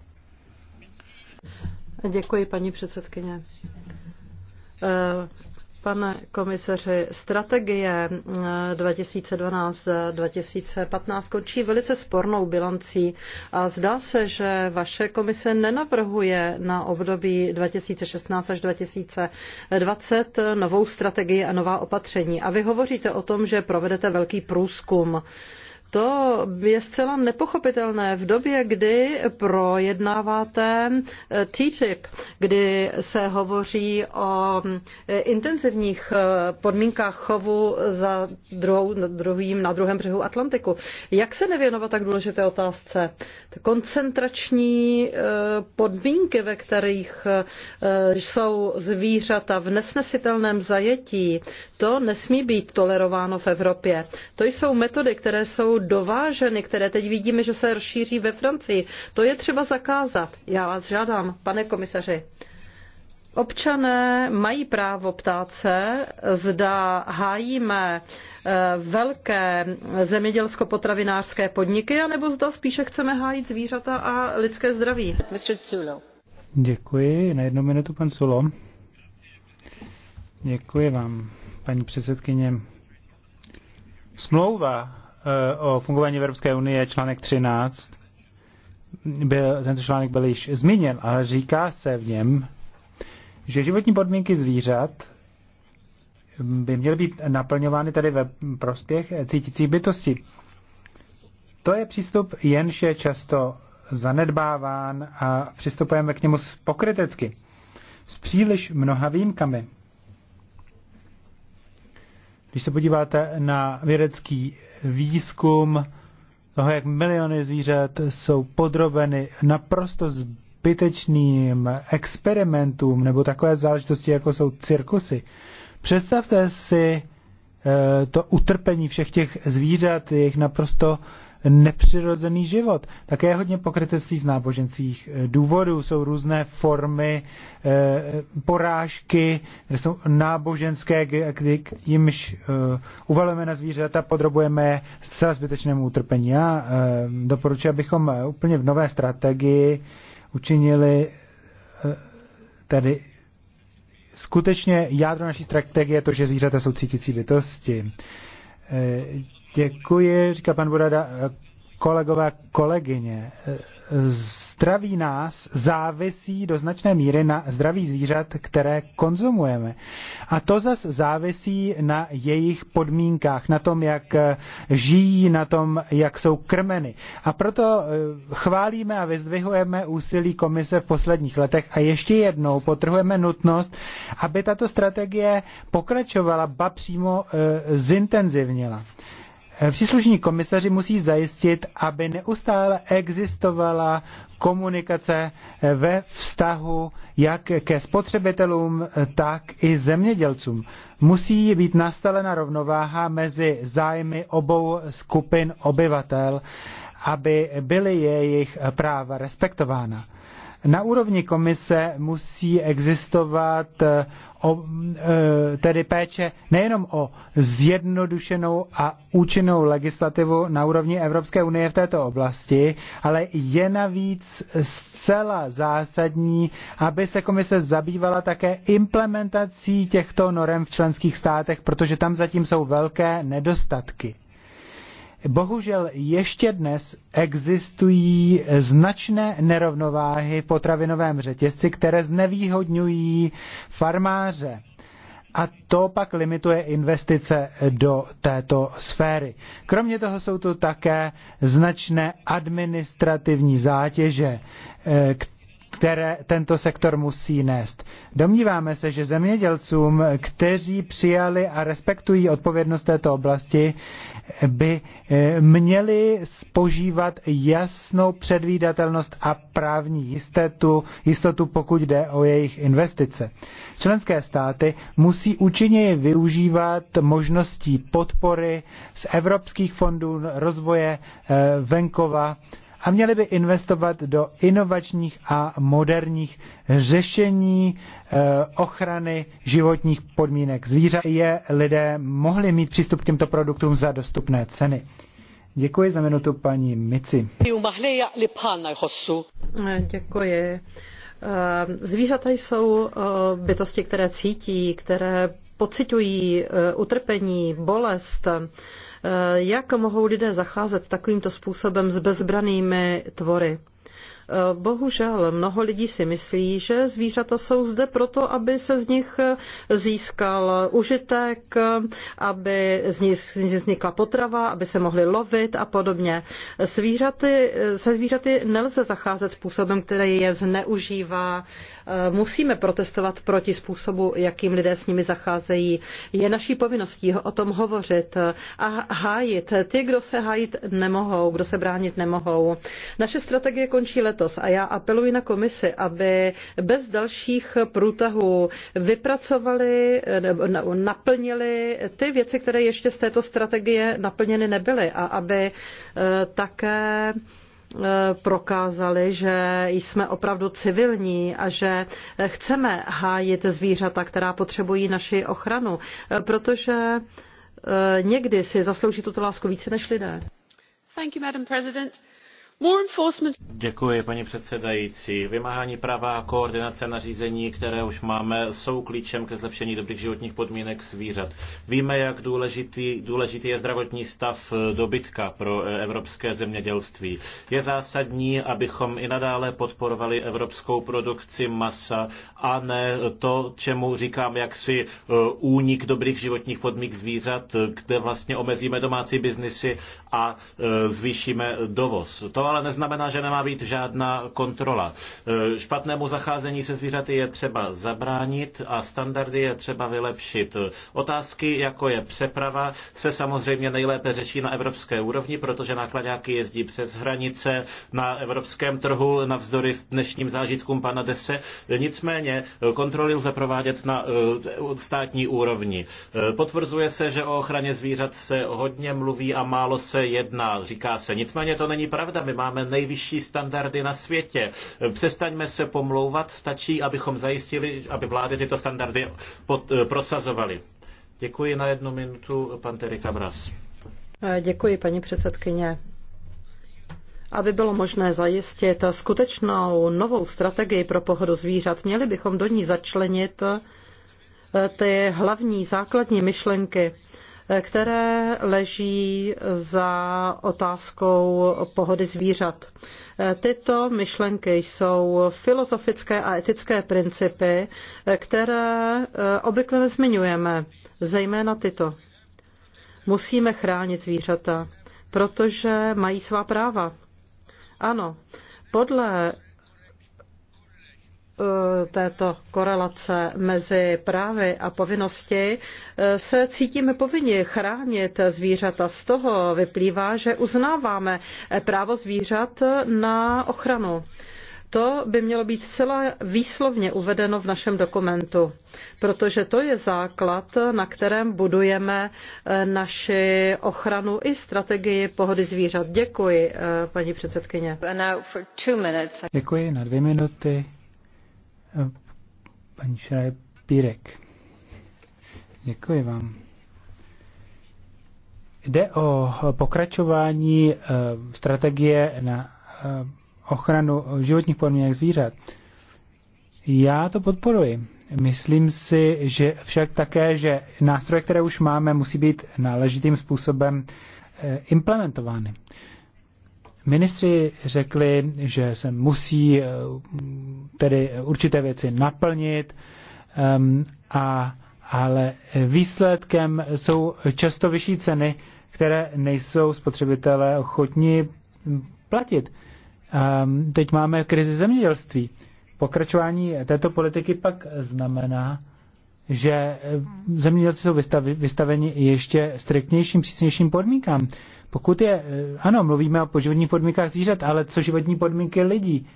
Děkuji, paní předsedkyně. Pane komisaři, strategie 2012-2015 eh, končí velice spornou bilancí a zdá se, že vaše komise nenavrhuje na období 2016 až 2020 novou strategii a nová opatření. A vy hovoříte o tom, že provedete velký průzkum. To je zcela nepochopitelné v době, kdy projednáváte eh, TTIP, kdy se hovoří o eh, intenzivních eh, podmínkách chovu za druhou, druhým, na druhém břehu Atlantiku. Jak se nevěnovat tak důležité otázce? Koncentrační podmínky, ve kterých jsou zvířata v nesnesitelném zajetí, to nesmí být tolerováno v Evropě. To jsou metody, které jsou dováženy, které teď vidíme, že se rozšíří ve Francii. To je třeba zakázat. Já vás žádám, pane komisaři. Občané mají právo ptát se, zda hájíme eh, velké zemědělsko-potravinářské podniky, anebo zda spíše chceme hájit zvířata a lidské zdraví. Děkuji. Na jednu minutu, pan Sulo. Děkuji vám, paní předsedkyně. Smlouva Eh, o fungování Evropské unie, článek 13, byl, tento článek byl již zmíněn, ale říká se v něm, že životní podmínky zvířat by měly být naplňovány tady ve prospěch cítících bytosti. To je přístup, jenž je často zanedbáván a přistupujeme k němu pokrytecky. S příliš mnoha výjimkami. Když se podíváte na vědecký výzkum toho, jak miliony zvířat jsou podrobeny naprosto zbytečným experimentům nebo takové záležitosti, jako jsou cirkusy, představte si eh, to utrpení všech těch zvířat, jejich naprosto nepřirozený život. Také je hodně pokrytectví z náboženských eh, důvodů. Jsou různé formy eh, porážky, kde jsou náboženské, kdy jimž eh, uvalujeme na zvířata, podrobujeme zcela zbytečnému utrpení. Já doporučuji, abychom úplně v nové strategii učinili tedy skutečně jádro naší strategie je to, že zvířata jsou cítící bytosti Děkuji, říká pan Burada, kolegové, kolegyně. Zdraví nás závisí do značné míry na zdraví zvířat, které konzumujeme. A to zase závisí na jejich podmínkách, na tom, jak žijí, na tom, jak jsou krmeny. A proto eh, chválíme a vyzdvihujeme úsilí komise v posledních letech a ještě jednou potrhujeme nutnost, aby tato strategie pokračovala, ba přímo eh, zintenzivnila. Eh, příslušní komisaři musí zajistit, aby neustále existovala komunikace eh, ve vztahu jak ke spotřebitelům, eh, tak i zemědělcům. Musí být nastavena rovnováha mezi zájmy obou skupin obyvatel, aby byly jejich práva respektována. Na úrovni komise musí existovat eh, o, eh, tedy péče nejenom o zjednodušenou a účinnou legislativu na úrovni Evropské unie v této oblasti, ale je navíc zcela zásadní, aby se komise zabývala také implementací těchto norem v členských státech, protože tam zatím jsou velké nedostatky. Bohužel ještě dnes existují značné nerovnováhy v potravinovém řetězci, které znevýhodňují farmáře. A to pak limituje investice do této sféry. Kromě toho jsou tu také značné administrativní zátěže, které eh, které tento sektor musí nést. Domníváme se, že zemědělcům, kteří přijali a respektují odpovědnost této oblasti, by eh, měli spožívat jasnou předvídatelnost a právní jistotu, jistotu pokud jde o jejich investice. Členské státy musí účinněji využívat možností podpory z evropských fondů rozvoje eh, venkova, a měli by investovat do inovačních a moderních řešení eh, ochrany životních podmínek zvířat, je lidé mohli mít přístup k těmto produktům za dostupné ceny. Děkuji za minutu paní Mici. Děkuji. Eh, zvířata jsou eh, bytosti, které cítí, které pocitují utrpení, bolest. Eh, jak mohou lidé zacházet takovýmto způsobem s bezbranými tvory? Eh, bohužel mnoho lidí si myslí, že zvířata jsou zde proto, aby se z nich eh, získal užitek, aby z nich vznikla potrava, aby se mohly lovit a podobně. Zvířaty, eh, se zvířaty nelze zacházet způsobem, který je zneužívá. Musíme protestovat proti způsobu, jakým lidé s nimi zacházejí. Je naší povinností o tom hovořit a hájit ty, kdo se hájit nemohou, kdo se bránit nemohou. Naše strategie končí let letos. A já apeluji na komisi, aby bez dalších průtahů vypracovali, naplnili ty věci, které ještě z této strategie naplněny nebyly a aby eh, také eh, prokázali, že jsme opravdu civilní a že eh, chceme hájit zvířata, která potřebují naši ochranu, protože někdy si zaslouží tuto lásku více než lidé. Thank you, Madam President. Děkuji, paní předsedající. Vymáhání práva a koordinace nařízení, které už máme, jsou klíčem ke zlepšení dobrých životních podmínek zvířat. Víme, jak důležitý, důležitý je zdravotní stav eh, dobytka pro eh, evropské zemědělství. Je zásadní, abychom i nadále podporovali evropskou produkci masa a ne to, čemu říkám jaksi eh, únik dobrých životních podmínek zvířat, kde vlastně omezíme domácí biznisy a zvýšíme dovoz. To ale neznamená, že nemá být žádná kontrola. E, špatnému zacházení se zvířaty je třeba zabránit a standardy je třeba vylepšit. Otázky, jako je přeprava, se samozřejmě nejlépe řeší na evropské úrovni, protože nákladňáky jezdí přes hranice na evropském trhu navzdory dnešním zážitkům pana Dese. Nicméně kontroly lze provádět na e, státní úrovni. E, potvrzuje se, že o ochraně zvířat se hodně mluví a málo se jedná, říká se. Nicméně to není pravda. My máme nejvyšší standardy na světě. Přestaňme se pomlouvat, stačí, abychom zajistili, aby vlády tyto standardy pod, eh, prosazovaly. Děkuji na jednu minutu, pan Terry Cabras. Eh, děkuji, paní předsedkyně. Aby bylo možné zajistit skutečnou novou strategii pro pohodu zvířat, měli bychom do ní začlenit eh, ty hlavní základní myšlenky které leží za otázkou pohody zvířat. Tyto myšlenky jsou filozofické a etické principy, které eh, obvykle nezmiňujeme, zejména tyto. Musíme chránit zvířata, protože mají svá práva. Ano, podle Eh, této korelace mezi právy a povinnosti eh, se cítíme povinni chránit zvířata. Z toho vyplývá, že uznáváme právo zvířat na ochranu. To by mělo být zcela výslovně uvedeno v našem dokumentu, protože to je základ, na kterém budujeme eh, naši ochranu i strategii pohody zvířat. Děkuji, paní předsedkyně. Děkuji na dvě minuty paní Šraje Pírek. Děkuji vám. Jde o pokračování eh, strategie na eh, ochranu životních podmínek zvířat. Já to podporuji. Myslím si, že však také, že nástroje, které už máme, musí být náležitým způsobem eh, implementovány. Ministři řekli, že se musí eh, tedy určité věci naplnit, ehm, a, ale výsledkem jsou často vyšší ceny, které nejsou spotřebitelé ochotní platit. Ehm, teď máme krizi zemědělství. Pokračování této politiky pak znamená, že zemědělci jsou vystaveni ještě striktnějším, přísnějším podmínkám. Pokud je, eh, ano, mluvíme o životních podmínkách zvířat, ale co životní podmínky lidí?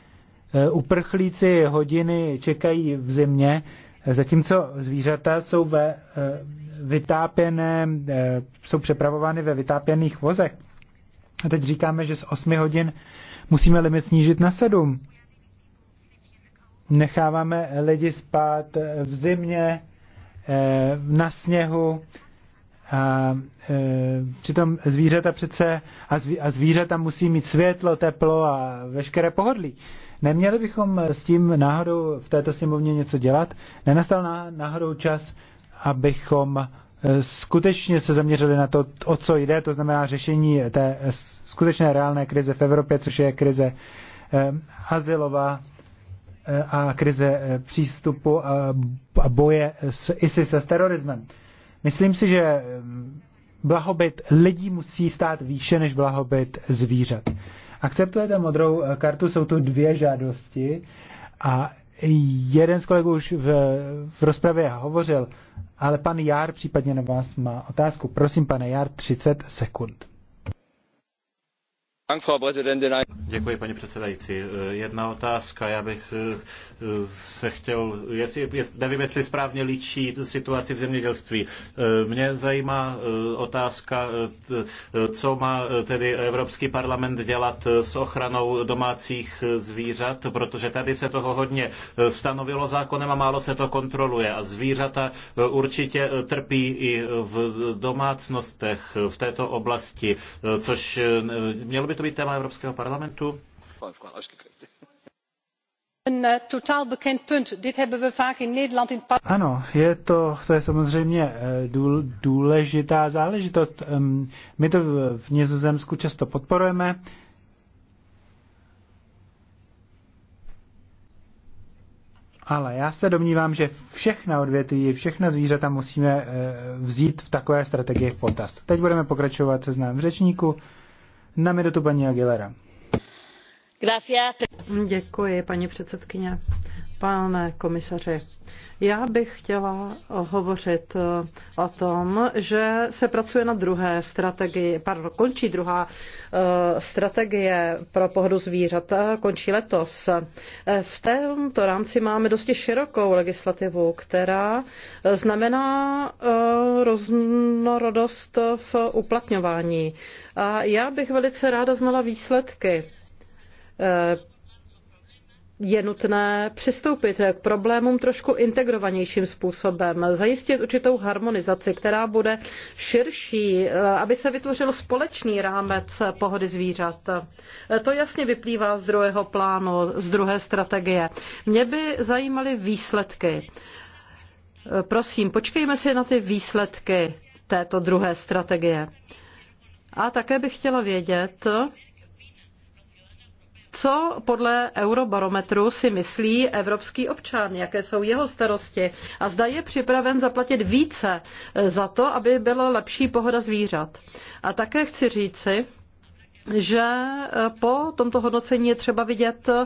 Eh, uprchlíci hodiny čekají v zimě, eh, zatímco zvířata jsou ve vytápěné, jsou přepravovány ve vytápěných vozech. A teď říkáme, že z 8 hodin musíme limit snížit na 7. Necháváme lidi spát v zimě, na sněhu, a e, přitom zvířata přece a, zví, a zvířata musí mít světlo, teplo a veškeré pohodlí. Neměli bychom s tím náhodou v této sněmovně něco dělat? Nenastal ná, náhodou čas, abychom e, skutečně se zaměřili na to, o co jde, to znamená řešení té skutečné reálné krize v Evropě, což je krize eh, azylová eh, a krize eh, přístupu a, a boje s ISIS a s terorismem. Eh, Myslím si, že mm, blahobyt lidí musí stát výše než blahobyt zvířat. Akceptujete modrou eh, kartu, jsou tu dvě žádosti a jeden z kolegů už v, v rozpravě hovořil, ale pan Jár případně na vás má otázku. Prosím, pane Jár, 30 sekund. Děkuji, paní předsedající. Jedna otázka. Já bych eh, se chtěl, jestli, nevím, jestli správně líčí situaci v zemědělství. Eh, mě zajímá eh, otázka, co má tedy Evropský parlament dělat s ochranou domácích zvířat, protože tady se toho hodně stanovilo zákonem a málo se to kontroluje. A zvířata určitě trpí i v domácnostech v této oblasti, což mělo by to to být téma Evropského parlamentu? Eh, ano, je to, to je samozřejmě eh, důležitá záležitost. Ehm, my to v Nizozemsku často podporujeme. Ale já se domnívám, že všechna odvětví, všechna zvířata musíme eh, vzít v takové strategii v potaz. Teď budeme pokračovat se známým řečníku. Na minutu paní Aguilera. Děkuji, paní předsedkyně. Pane komisaři, já bych chtěla hovořit eh, o tom, že se pracuje na druhé strategii, pardon, končí druhá eh, strategie pro pohodu zvířat, eh, končí letos. V tomto rámci máme dosti širokou legislativu, která znamená roznorodost v uplatňování. A já bych velice ráda znala výsledky je nutné přistoupit k problémům trošku integrovanějším způsobem, zajistit určitou harmonizaci, která bude širší, aby se vytvořil společný rámec pohody zvířat. To jasně vyplývá z druhého plánu, z druhé strategie. Mě by zajímaly výsledky. Prosím, počkejme si na ty výsledky této druhé strategie. A také bych chtěla vědět, co podle eurobarometru si myslí evropský občan, jaké jsou jeho starosti a zda je připraven zaplatit více eh, za to, aby byla lepší pohoda zvířat. A také chci říci, že eh, po tomto hodnocení je třeba vidět, eh,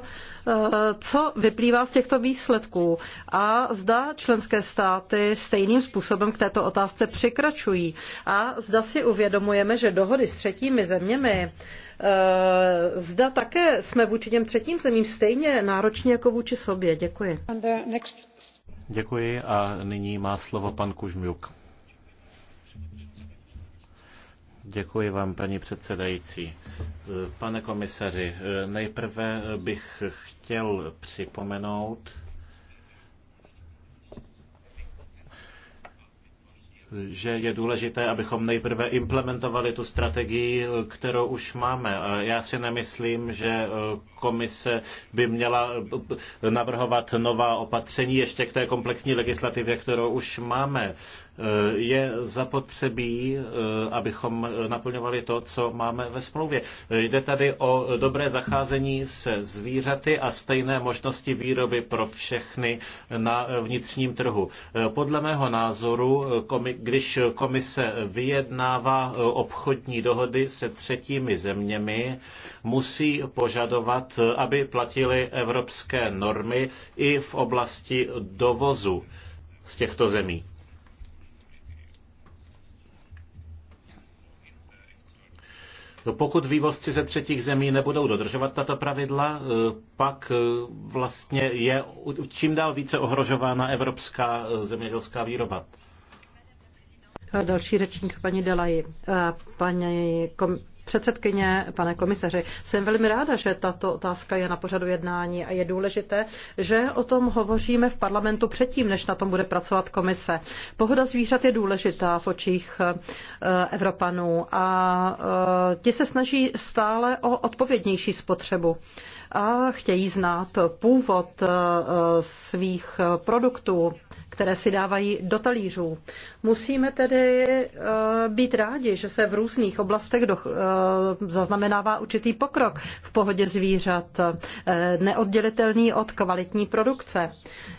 co vyplývá z těchto výsledků a zda členské státy stejným způsobem k této otázce přikračují a zda si uvědomujeme, že dohody s třetími zeměmi eh, Zda také jsme vůči těm třetím zemím stejně nároční jako vůči sobě. Děkuji. Děkuji a nyní má slovo pan Kužmiuk. Děkuji vám, paní předsedající. Pane komisaři, nejprve bych chtěl připomenout, že je důležité, abychom nejprve implementovali tu strategii, kterou už máme. Já si nemyslím, že komise by měla navrhovat nová opatření ještě k té komplexní legislativě, kterou už máme. Eh, je zapotřebí, eh, abychom eh, naplňovali to, co máme ve smlouvě. Jde tady o dobré zacházení se zvířaty a stejné možnosti výroby pro všechny na vnitřním trhu. Podle mého názoru, když komise vyjednává obchodní dohody se třetími zeměmi, musí požadovat, aby platily evropské normy i v oblasti dovozu z těchto zemí. No, pokud vývozci ze třetích zemí nebudou dodržovat tato pravidla, eh, pak eh, vlastně je čím dál více ohrožována evropská eh, zemědělská výroba. Další řečník paní Delaji. Paní kom, předsedkyně, pane komisaři, jsem velmi ráda, že tato otázka je na pořadu jednání a je důležité, že o tom hovoříme v parlamentu předtím, než na tom bude pracovat komise. Pohoda zvířat je důležitá v očích eh, Evropanů a eh, ti se snaží stále o odpovědnější spotřebu a chtějí znát původ eh, svých produktů, které si dávají do talířů. Musíme tedy eh, být rádi, že se v různých oblastech eh, zaznamenává určitý pokrok v pohodě zvířat, neoddělitelný od kvalitní produkce.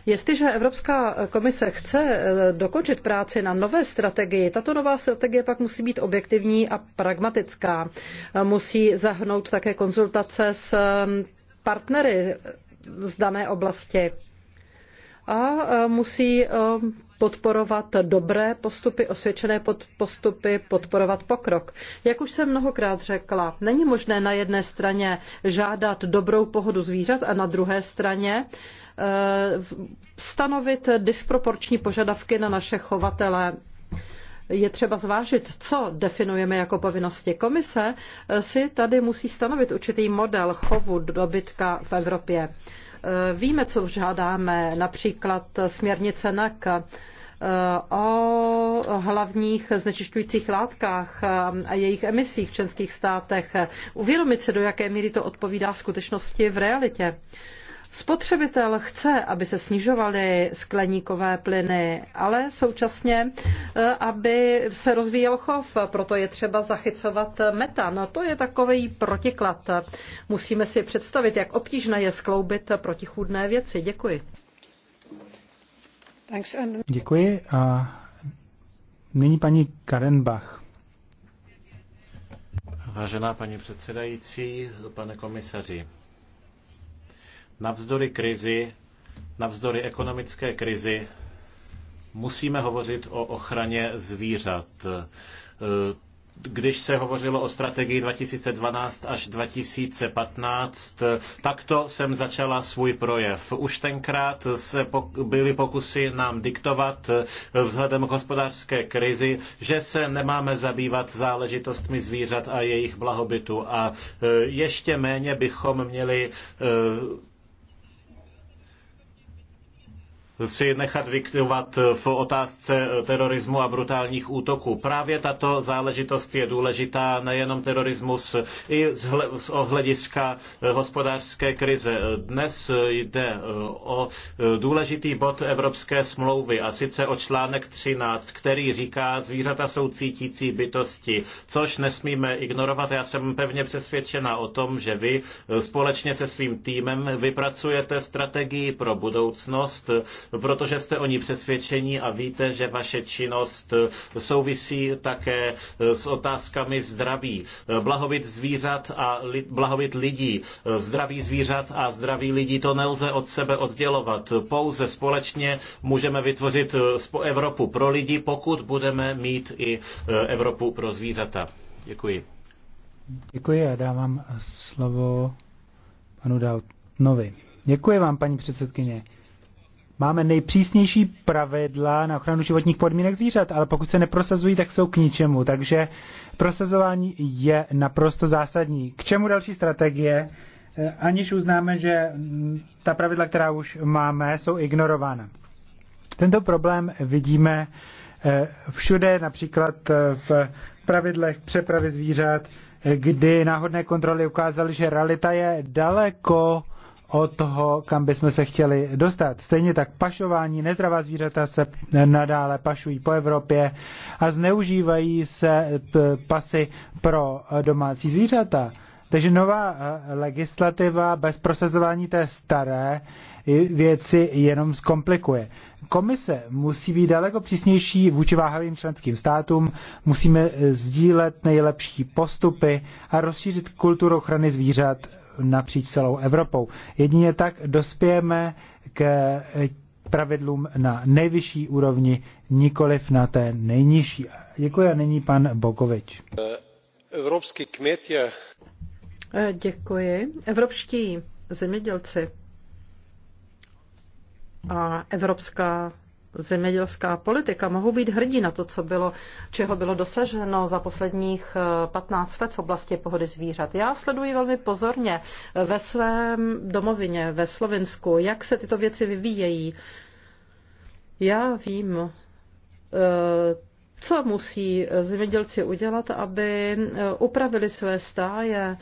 Jestliže Evropská komise chce dokončit práci na nové strategii, tato nová strategie pak musí být objektivní a pragmatická. Musí zahnout také konzultace s partnery z dané oblasti a e, musí e, podporovat dobré postupy, osvědčené postupy, podporovat pokrok. Jak už jsem mnohokrát řekla, není možné na jedné straně žádat dobrou pohodu zvířat a na druhé straně e, stanovit disproporční požadavky na naše chovatele je třeba zvážit, co definujeme jako povinnosti. Komise eh, si tady musí stanovit určitý model chovu dobytka v Evropě. Eh, víme, co žádáme, například směrnice NAK eh, o hlavních znečišťujících látkách a jejich emisích v členských státech, uvědomit se, do jaké míry to odpovídá skutečnosti v realitě. Spotřebitel chce, aby se snižovaly skleníkové plyny, ale současně, eh, aby se rozvíjel chov, proto je třeba zachycovat metan. To je takový protiklad. Musíme si představit, jak obtížné je skloubit protichůdné věci. Děkuji. Děkuji a nyní paní Karen Bach. Vážená paní předsedající, pane komisaři, Navzdory krizi, navzdory ekonomické krizi, musíme hovořit o ochraně zvířat. E, když se hovořilo o strategii 2012 až 2015, takto jsem začala svůj projev. Už tenkrát se byly pokusy nám diktovat e, vzhledem k hospodářské krizi, že se nemáme zabývat záležitostmi zvířat a jejich blahobytu. A e, ještě méně bychom měli si nechat vyktovat v otázce terorismu a brutálních útoků. Právě tato záležitost je důležitá nejenom terorismus, i z, z ohlediska hospodářské krize. Dnes jde o důležitý bod Evropské smlouvy a sice o článek 13, který říká, zvířata jsou cítící bytosti, což nesmíme ignorovat. Já jsem pevně přesvědčena o tom, že vy společně se svým týmem vypracujete strategii pro budoucnost, protože jste o ní přesvědčení a víte, že vaše činnost souvisí také s otázkami zdraví. Blahobyt zvířat a li, blahobyt lidí, zdraví zvířat a zdraví lidí, to nelze od sebe oddělovat. Pouze společně můžeme vytvořit Evropu pro lidi, pokud budeme mít i eh, Evropu pro zvířata. Děkuji. Děkuji a dávám slovo panu Daltnovi. Děkuji vám, paní předsedkyně. Máme nejpřísnější pravidla na ochranu životních podmínek zvířat, ale pokud se neprosazují, tak jsou k ničemu. Takže prosazování je naprosto zásadní. K čemu další strategie? Eh, aniž uznáme, že ta pravidla, která už máme, jsou ignorována. Tento problém vidíme eh, všude, například eh, v pravidlech přepravy zvířat, kdy náhodné kontroly ukázaly, že realita je daleko od toho, kam bychom se chtěli dostat. Stejně tak pašování, nezdravá zvířata se nadále pašují po Evropě a zneužívají se pasy pro domácí zvířata. Takže nová eh, legislativa bez prosazování té staré věci jenom zkomplikuje. Komise musí být daleko přísnější vůči váhavým členským státům, musíme eh, sdílet nejlepší postupy a rozšířit kulturu ochrany zvířat napříč celou Evropou. Jedině tak dospějeme k eh, pravidlům na nejvyšší úrovni, nikoliv na té nejnižší. Děkuji a nyní pan Bokovič. Evropský kmět je... Eh, děkuji. Evropští zemědělci a Evropská zemědělská politika. Mohu být hrdí na to, co bylo, čeho bylo dosaženo za posledních 15 eh, let v oblasti pohody zvířat. Já sleduji velmi pozorně eh, ve svém domovině, ve Slovensku, jak se tyto věci vyvíjejí. Já vím, eh, co musí zemědělci udělat, aby upravili své stáje,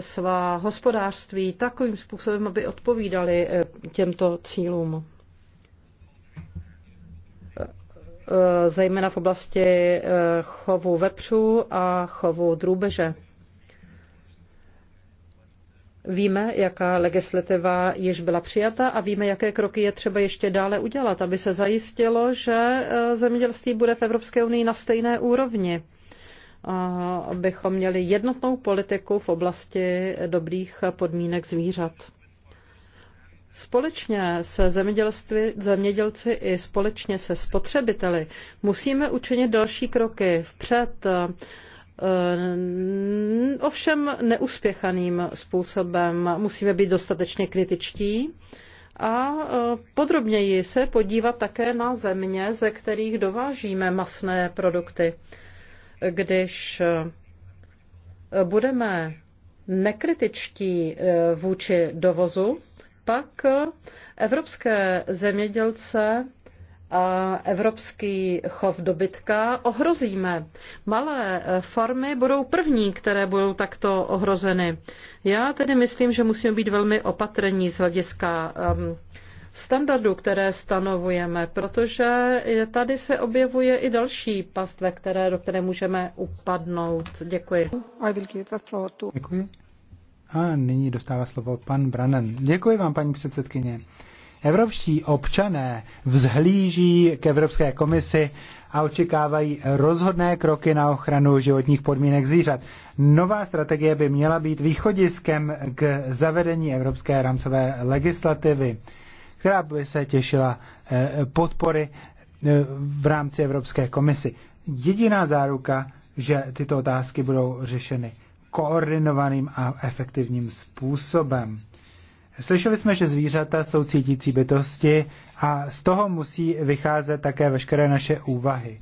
svá hospodářství takovým způsobem, aby odpovídali těmto cílům. Eh, zejména v oblasti eh, chovu vepřů a chovu drůbeže. Víme, jaká legislativa již byla přijata a víme, jaké kroky je třeba ještě dále udělat, aby se zajistilo, že eh, zemědělství bude v Evropské unii na stejné úrovni. Abychom měli jednotnou politiku v oblasti dobrých podmínek zvířat. Společně se zemědělství, zemědělci i společně se spotřebiteli musíme učinit další kroky vpřed eh, eh, ovšem neuspěchaným způsobem. Musíme být dostatečně kritičtí a eh, podrobněji se podívat také na země, ze kterých dovážíme masné produkty. Když budeme nekritičtí vůči dovozu, pak evropské zemědělce a evropský chov dobytka ohrozíme. Malé farmy budou první, které budou takto ohrozeny. Já tedy myslím, že musíme být velmi opatrní z hlediska um, standardů, které stanovujeme, protože tady se objevuje i další pastve, které, do které můžeme upadnout. Děkuji. Děkuji. A nyní dostává slovo pan Branen. Děkuji vám, paní předsedkyně. Evropští občané vzhlíží k Evropské komisi a očekávají rozhodné kroky na ochranu životních podmínek zvířat. Nová strategie by měla být východiskem k zavedení evropské rámcové legislativy, která by se těšila eh, podpory eh, v rámci Evropské komisy. Jediná záruka, že tyto otázky budou řešeny koordinovaným a efektivním způsobem. Slyšeli jsme, že zvířata jsou cítící bytosti a z toho musí vycházet také veškeré naše úvahy.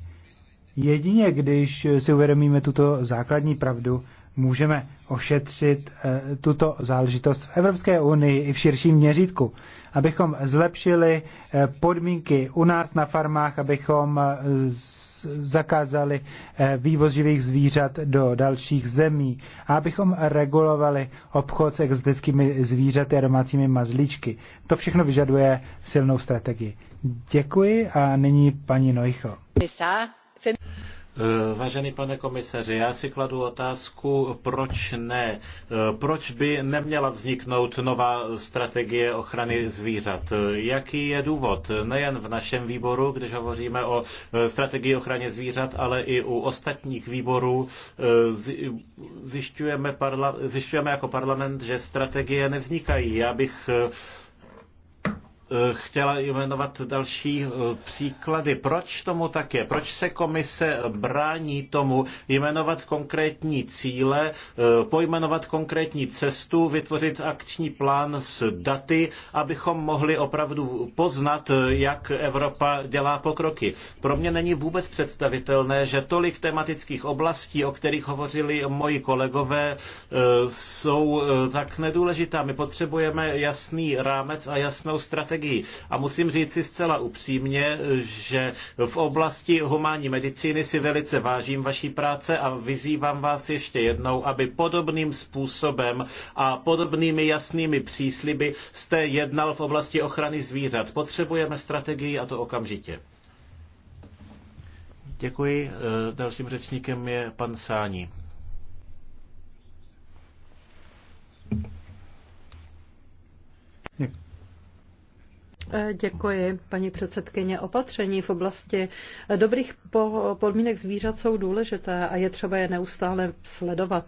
Jedině když si uvědomíme tuto základní pravdu, můžeme ošetřit eh, tuto záležitost v Evropské unii i v širším měřítku, abychom zlepšili eh, podmínky u nás na farmách, abychom eh, zakázali eh, vývoz živých zvířat do dalších zemí a abychom regulovali obchod s exotickými zvířaty a domácími mazlíčky. To všechno vyžaduje silnou strategii. Děkuji a nyní paní Neuchel. Eh, vážený pane komisaři, já si kladu otázku, proč ne? Eh, proč by neměla vzniknout nová strategie ochrany zvířat? Jaký je důvod? Nejen v našem výboru, když hovoříme o eh, strategii ochrany zvířat, ale i u ostatních výborů zjišťujeme, parla, zjišťujeme jako parlament, že strategie nevznikají. Já bych Eh, chtěla jmenovat další eh, příklady. Proč tomu tak je? Proč se komise brání tomu jmenovat konkrétní cíle, eh, pojmenovat konkrétní cestu, vytvořit akční plán s daty, abychom mohli opravdu poznat, jak Evropa dělá pokroky? Pro mě není vůbec představitelné, že tolik tematických oblastí, o kterých hovořili moji kolegové, jsou tak nedůležitá. My potřebujeme jasný rámec a jasnou strategii strategii. A musím říct si zcela upřímně, že v oblasti humánní medicíny si velice vážím vaší práce a vyzývám vás ještě jednou, aby podobným způsobem a podobnými jasnými přísliby jste jednal v oblasti ochrany zvířat. Potřebujeme strategii a to okamžitě. Děkuji. E, dalším řečníkem je pan Sání. Eh, děkuji, paní předsedkyně. Opatření v oblasti eh, dobrých podmínek zvířat jsou důležité a je třeba je neustále sledovat.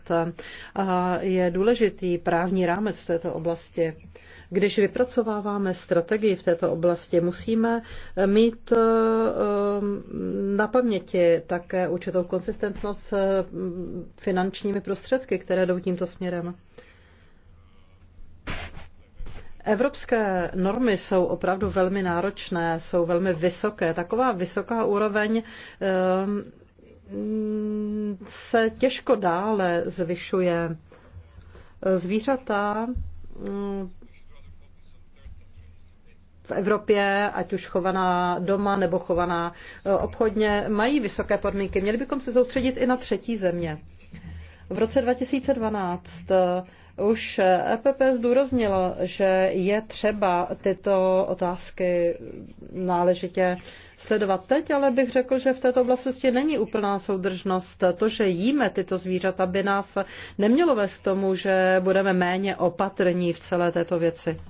A je důležitý právní rámec v této oblasti. Když vypracováváme strategii v této oblasti, musíme eh, mít na paměti také určitou konsistentnost s finančními prostředky, které jdou tímto směrem. Evropské normy jsou opravdu velmi náročné, jsou velmi vysoké. Taková vysoká úroveň ehm, se těžko dále zvyšuje. Zvířata mm, v Evropě, ať už chovaná doma nebo chovaná e, obchodně, mají vysoké podmínky. Měli bychom se soustředit i na třetí země. V roce 2012 už EPP zdůraznilo, že je třeba tyto otázky náležitě sledovat teď, ale bych řekl, že v této oblasti není úplná soudržnost. To, že jíme tyto zvířata, by nás nemělo vést k tomu, že budeme méně opatrní v celé této věci.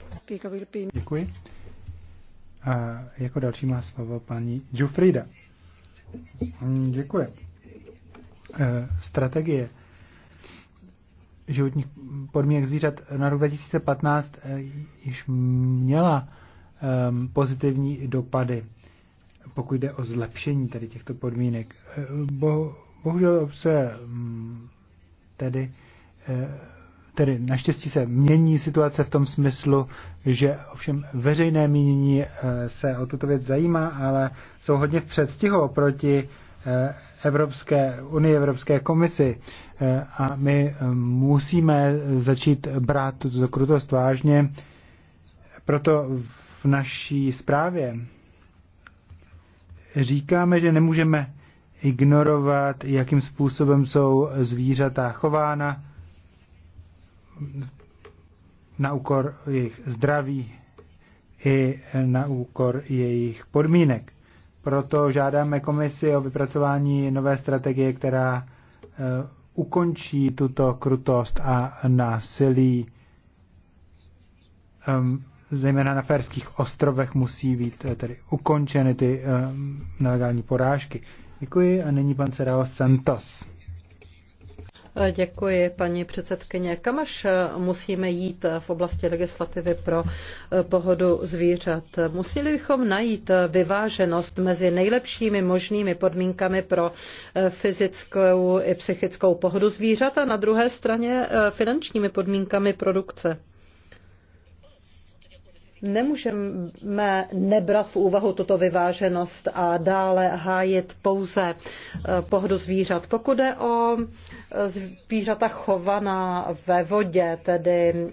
Děkuji. A jako další má slovo paní Jufrida. Děkuji. E, strategie životních podmínek zvířat na rok 2015 eh, již měla ehm, pozitivní dopady, pokud jde o zlepšení tady těchto podmínek. Eh, bohužel se mm, tedy, eh, tedy naštěstí se mění situace v tom smyslu, že ovšem veřejné mínění se o tuto věc zajímá, ale jsou hodně v předstihu oproti Evropské unii, Evropské komisi eh, a my eh, musíme začít brát tuto krutost vážně. Proto v naší zprávě říkáme, že nemůžeme ignorovat, jakým způsobem jsou zvířata chována na úkor jejich zdraví i na úkor jejich podmínek. Proto žádáme komisi o vypracování nové strategie, která e, ukončí tuto krutost a násilí. Zejména na Ferských ostrovech musí být e, tedy ukončeny ty nelegální porážky. Děkuji a nyní pan Serao Santos. Děkuji, paní předsedkyně. až musíme jít v oblasti legislativy pro eh, pohodu zvířat? Museli bychom najít vyváženost mezi nejlepšími možnými podmínkami pro eh, fyzickou i psychickou pohodu zvířat a na druhé straně eh, finančními podmínkami produkce. Nemůžeme nebrat v úvahu tuto vyváženost a dále hájit pouze eh, pohodu zvířat. Pokud je o eh, zvířata chovaná ve vodě, tedy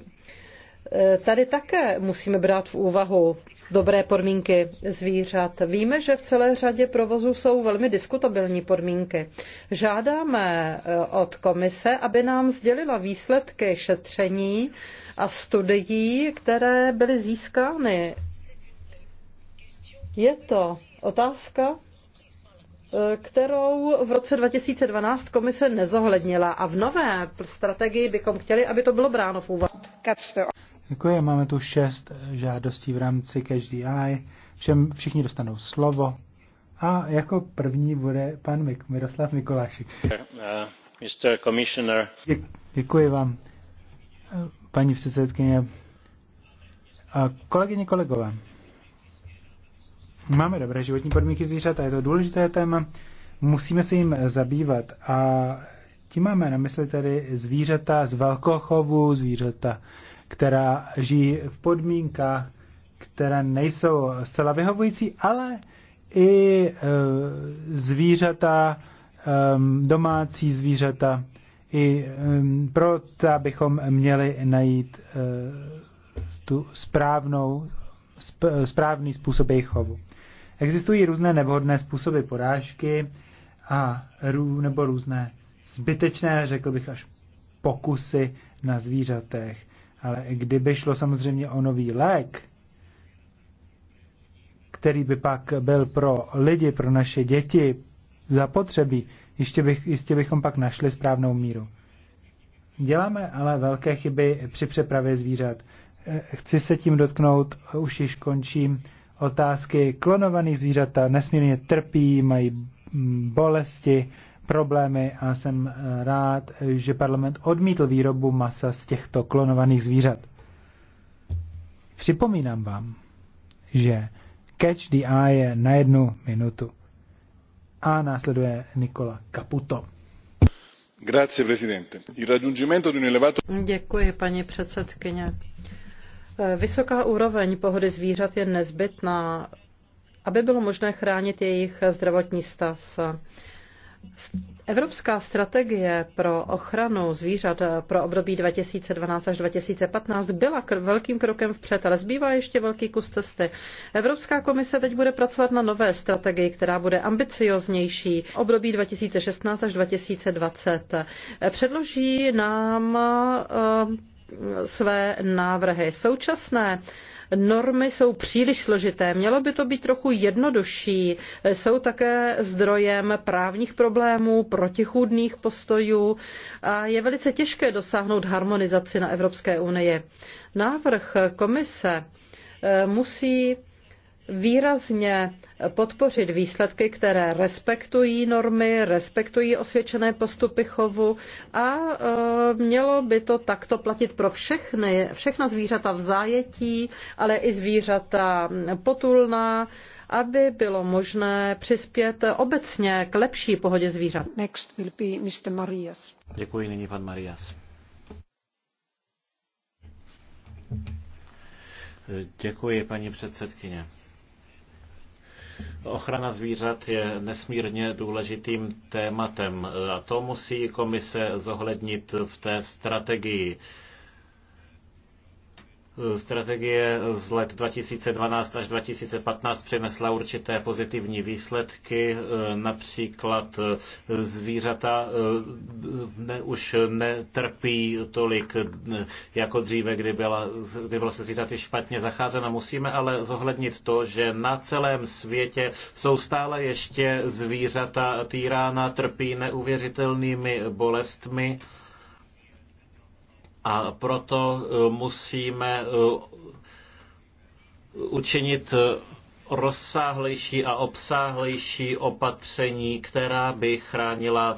eh, tady také musíme brát v úvahu dobré podmínky zvířat. Víme, že v celé řadě provozů jsou velmi diskutabilní podmínky. Žádáme od komise, aby nám sdělila výsledky šetření a studií, které byly získány. Je to otázka, kterou v roce 2012 komise nezohlednila a v nové strategii bychom chtěli, aby to bylo bráno v úvahu. Děkuji, máme tu šest žádostí v rámci každý AI. Všem, všichni dostanou slovo. A jako první bude pan Mik, Miroslav Mikolášik. Uh, Mr. Commissioner. Děkuji vám paní předsedkyně. A kolegyně, kolegové, máme dobré životní podmínky zvířat a je to důležité téma. Musíme se jim zabývat a tím máme na mysli tedy zvířata z velkochovu, zvířata, která žijí v podmínkách, které nejsou zcela vyhovující, ale i e, zvířata, e, domácí zvířata, i proto, abychom měli najít eh, tu správnou, správný způsob jejich chovu. Existují různé nevhodné způsoby porážky a rů, nebo různé zbytečné, řekl bych až pokusy na zvířatech. Ale kdyby šlo samozřejmě o nový lék, který by pak byl pro lidi, pro naše děti zapotřebí, ještě bych, jistě bychom pak našli správnou míru. Děláme ale velké chyby při přepravě zvířat. Eh, chci se tím dotknout, už již končím. Otázky klonovaných zvířata nesmírně trpí, mají mm, bolesti, problémy a jsem eh, rád, že parlament odmítl výrobu masa z těchto klonovaných zvířat. Připomínám vám, že Catch the Eye je na jednu minutu. A následuje Nikola Caputo. Děkuji, paní předsedkyně. Eh, vysoká úroveň pohody zvířat je nezbytná, aby bylo možné chránit jejich zdravotní stav. Evropská strategie pro ochranu zvířat pro období 2012 až 2015 byla kr- velkým krokem vpřed, ale zbývá ještě velký kus cesty. Evropská komise teď bude pracovat na nové strategii, která bude ambicioznější období 2016 až 2020. Předloží nám eh, své návrhy. Současné uh, normy jsou příliš složité. Mělo by to být trochu jednodušší. Jsou také zdrojem právních problémů, protichůdných postojů a je velice těžké dosáhnout harmonizaci na Evropské unii. Návrh komise eh, musí výrazně podpořit výsledky, které respektují normy, respektují osvědčené postupy chovu a e, mělo by to takto platit pro všechny, všechna zvířata v zájetí, ale i zvířata potulná, aby bylo možné přispět obecně k lepší pohodě zvířat. Next will be Mr. Marias. Děkuji, nyní pan Marias. Děkuji, paní předsedkyně. Ochrana zvířat je nesmírně důležitým tématem a to musí komise zohlednit v té strategii Eh, strategie z let 2012 až 2015 přinesla určité pozitivní výsledky, eh, například eh, zvířata ne, už netrpí tolik jako dříve, kdy, byla, kdy bylo se zvířaty špatně zacházeno. Musíme ale zohlednit to, že na celém světě jsou stále ještě zvířata týrána, trpí neuvěřitelnými bolestmi. A proto e, musíme e, učinit e, rozsáhlejší a obsáhlejší opatření, která by chránila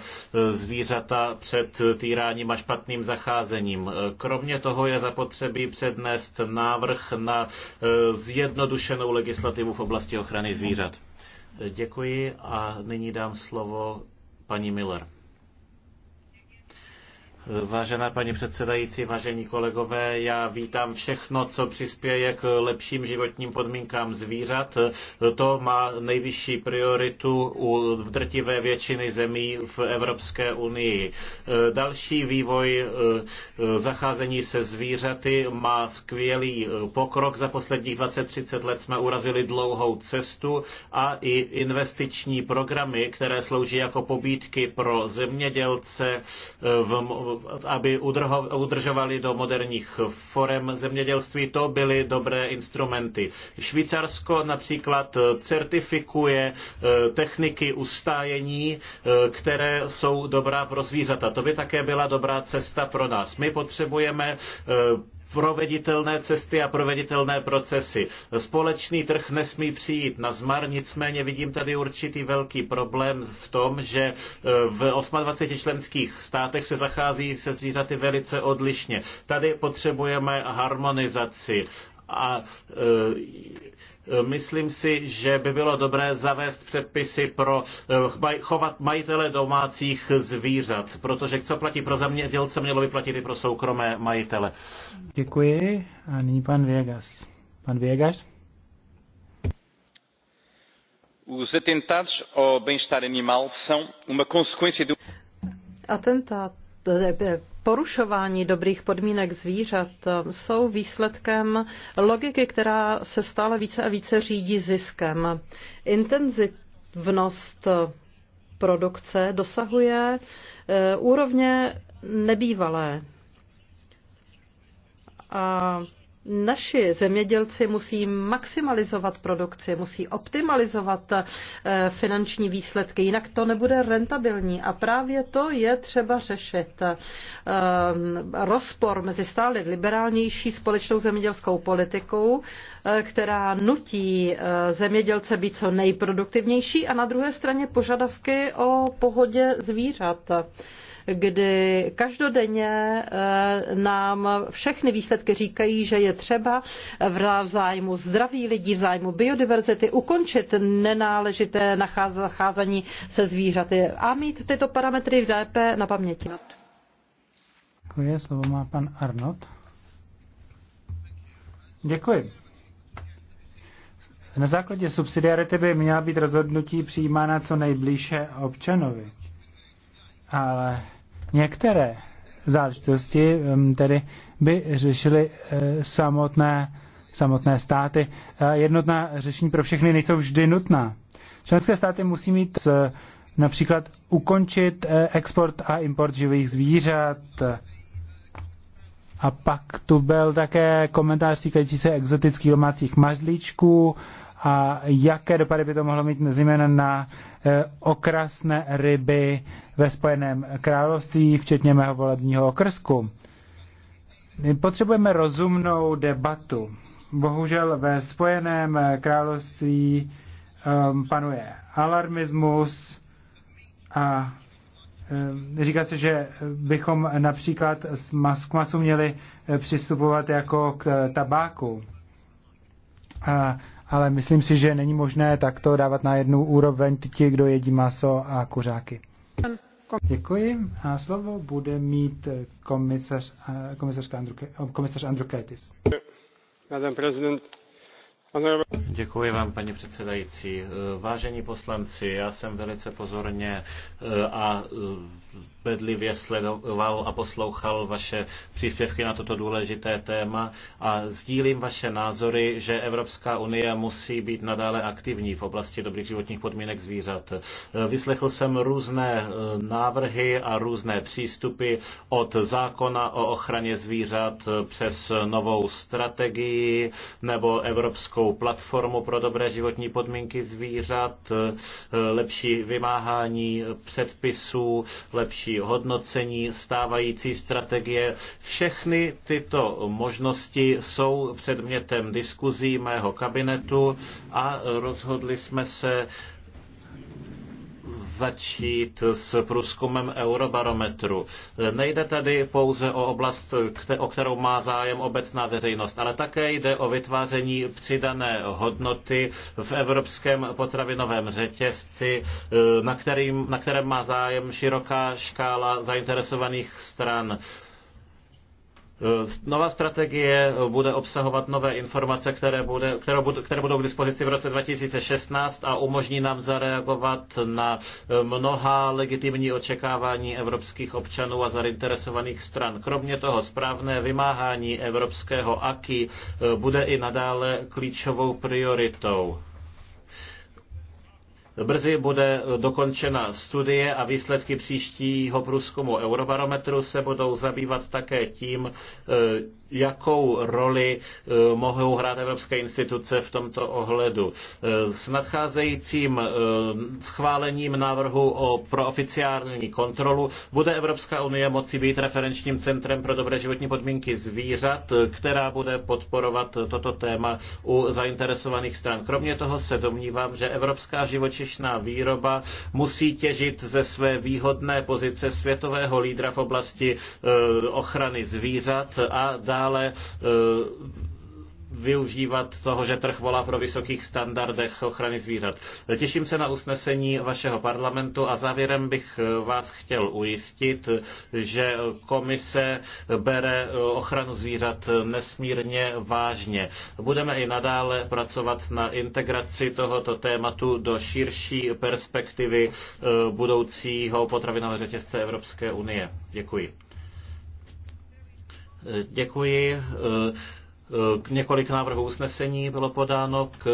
zvířata před týráním a špatným zacházením. Kromě toho je zapotřebí přednést návrh na zjednodušenou legislativu v oblasti ochrany zvířat. Děkuji a nyní dám slovo paní Miller. Vážená paní předsedající, vážení kolegové, já vítám všechno, co přispěje k lepším životním podmínkám zvířat. To má nejvyšší prioritu u drtivé většiny zemí v Evropské unii. Další vývoj eh, zacházení se zvířaty má skvělý eh, pokrok. Za posledních 20-30 let jsme urazili dlouhou cestu a i investiční programy, které slouží jako pobídky pro zemědělce eh, v aby udržovali do moderních forem zemědělství, to byly dobré instrumenty. Švýcarsko například certifikuje eh, techniky ustájení, eh, které jsou dobrá pro zvířata. To by také byla dobrá cesta pro nás. My potřebujeme eh, proveditelné cesty a proveditelné procesy. Společný trh nesmí přijít na zmar, nicméně vidím tady určitý velký problém v tom, že e, v 28 členských státech se zachází se zvířaty velice odlišně. Tady potřebujeme harmonizaci a e, myslím si, že by bylo dobré zavést předpisy pro e, chovat majitele domácích zvířat, protože co platí pro zemědělce, mělo by platit i pro soukromé majitele. Děkuji. A nyní pan Věgas. Pan Věgas? Os atentados ao bem-estar animal são uma consequência do... Atentado porušování dobrých podmínek zvířat jsou výsledkem logiky, která se stále více a více řídí ziskem. Intenzivnost produkce dosahuje eh, úrovně nebývalé. A Naši zemědělci musí maximalizovat produkci, musí optimalizovat eh, finanční výsledky, jinak to nebude rentabilní. A právě to je třeba řešit. Eh, rozpor mezi stále liberálnější společnou zemědělskou politikou, eh, která nutí zemědělce být co nejproduktivnější a na druhé straně požadavky o pohodě zvířat kdy každodenně eh, nám všechny výsledky říkají, že je třeba v zájmu zdraví lidí, v zájmu biodiverzity ukončit nenáležité nacházení se zvířaty a mít tyto parametry v DP na paměti. Děkuji, slovo má pan Arnott. Děkuji. Na základě subsidiarity by měla být rozhodnutí přijímána co nejblíže občanovi. Ale Některé záležitosti tedy by řešily eh, samotné, samotné státy. Eh, jednotná řešení pro všechny nejsou vždy nutná. Členské státy musí mít eh, například ukončit export a import živých zvířat. A pak tu byl také komentář týkající se exotických domácích mazlíčků a jaké dopady by to mohlo mít zejména na eh, okrasné ryby ve Spojeném království, včetně mého volebního okrsku. Potřebujeme rozumnou debatu. Bohužel ve Spojeném království um, panuje alarmismus a um, říká se, že bychom například k masu měli eh, přistupovat jako k tabáku. A ale myslím si, že není možné takto dávat na jednu úroveň ti, kdo jedí maso a kuřáky. Děkuji. A slovo bude mít komisař, eh, komisařka Andru, eh, komisař Andrukaitis. Děkuji vám, paní předsedající. Eh, vážení poslanci, já jsem velice pozorně a bedlivě sledoval a poslouchal vaše příspěvky na toto důležité téma a sdílím vaše názory, že Evropská unie musí být nadále aktivní v oblasti dobrých životních podmínek zvířat. Vyslechl jsem různé eh, návrhy a různé přístupy od zákona o ochraně zvířat eh, přes novou strategii nebo Evropskou platformu pro dobré životní podmínky zvířat, eh, lepší vymáhání předpisů, lepší lepší hodnocení stávající strategie. Všechny tyto možnosti jsou předmětem diskuzí mého kabinetu a rozhodli jsme se začít s průzkumem Eurobarometru. Nejde tedy pouze o oblast, o kterou má zájem obecná veřejnost, ale také jde o vytváření přidané hodnoty v evropském potravinovém řetězci, eh, na, kterým, na kterém má zájem široká škála zainteresovaných stran Eh, nová strategie eh, bude obsahovat nové informace, které, bude, které, budou, které budou k dispozici v roce 2016 a umožní nám zareagovat na eh, mnoha legitimní očekávání evropských občanů a zainteresovaných stran. Kromě toho správné vymáhání evropského AKI bude i nadále klíčovou prioritou. Brzy bude dokončena studie a výsledky příštího průzkumu Eurobarometru se budou zabývat také tím, eh, jakou roli eh, mohou hrát evropské instituce v tomto ohledu. Eh, s nadcházejícím eh, schválením návrhu o prooficiální kontrolu bude Evropská unie moci být referenčním centrem pro dobré životní podmínky zvířat, která bude podporovat toto téma u zainteresovaných stran. Kromě toho se domnívám, že evropská živočišná výroba musí těžit ze své výhodné pozice světového lídra v oblasti ochrany zvířat a dá stále e, využívat toho, že trh volá pro vysokých standardech ochrany zvířat. Těším se na usnesení vašeho parlamentu a závěrem bych e, vás chtěl ujistit, že komise bere e, ochranu zvířat nesmírně vážně. Budeme i nadále pracovat na integraci tohoto tématu do širší perspektivy budoucího potravinového řetězce Evropské unie. Děkuji. Děkuji. Několik návrhů usnesení bylo podáno k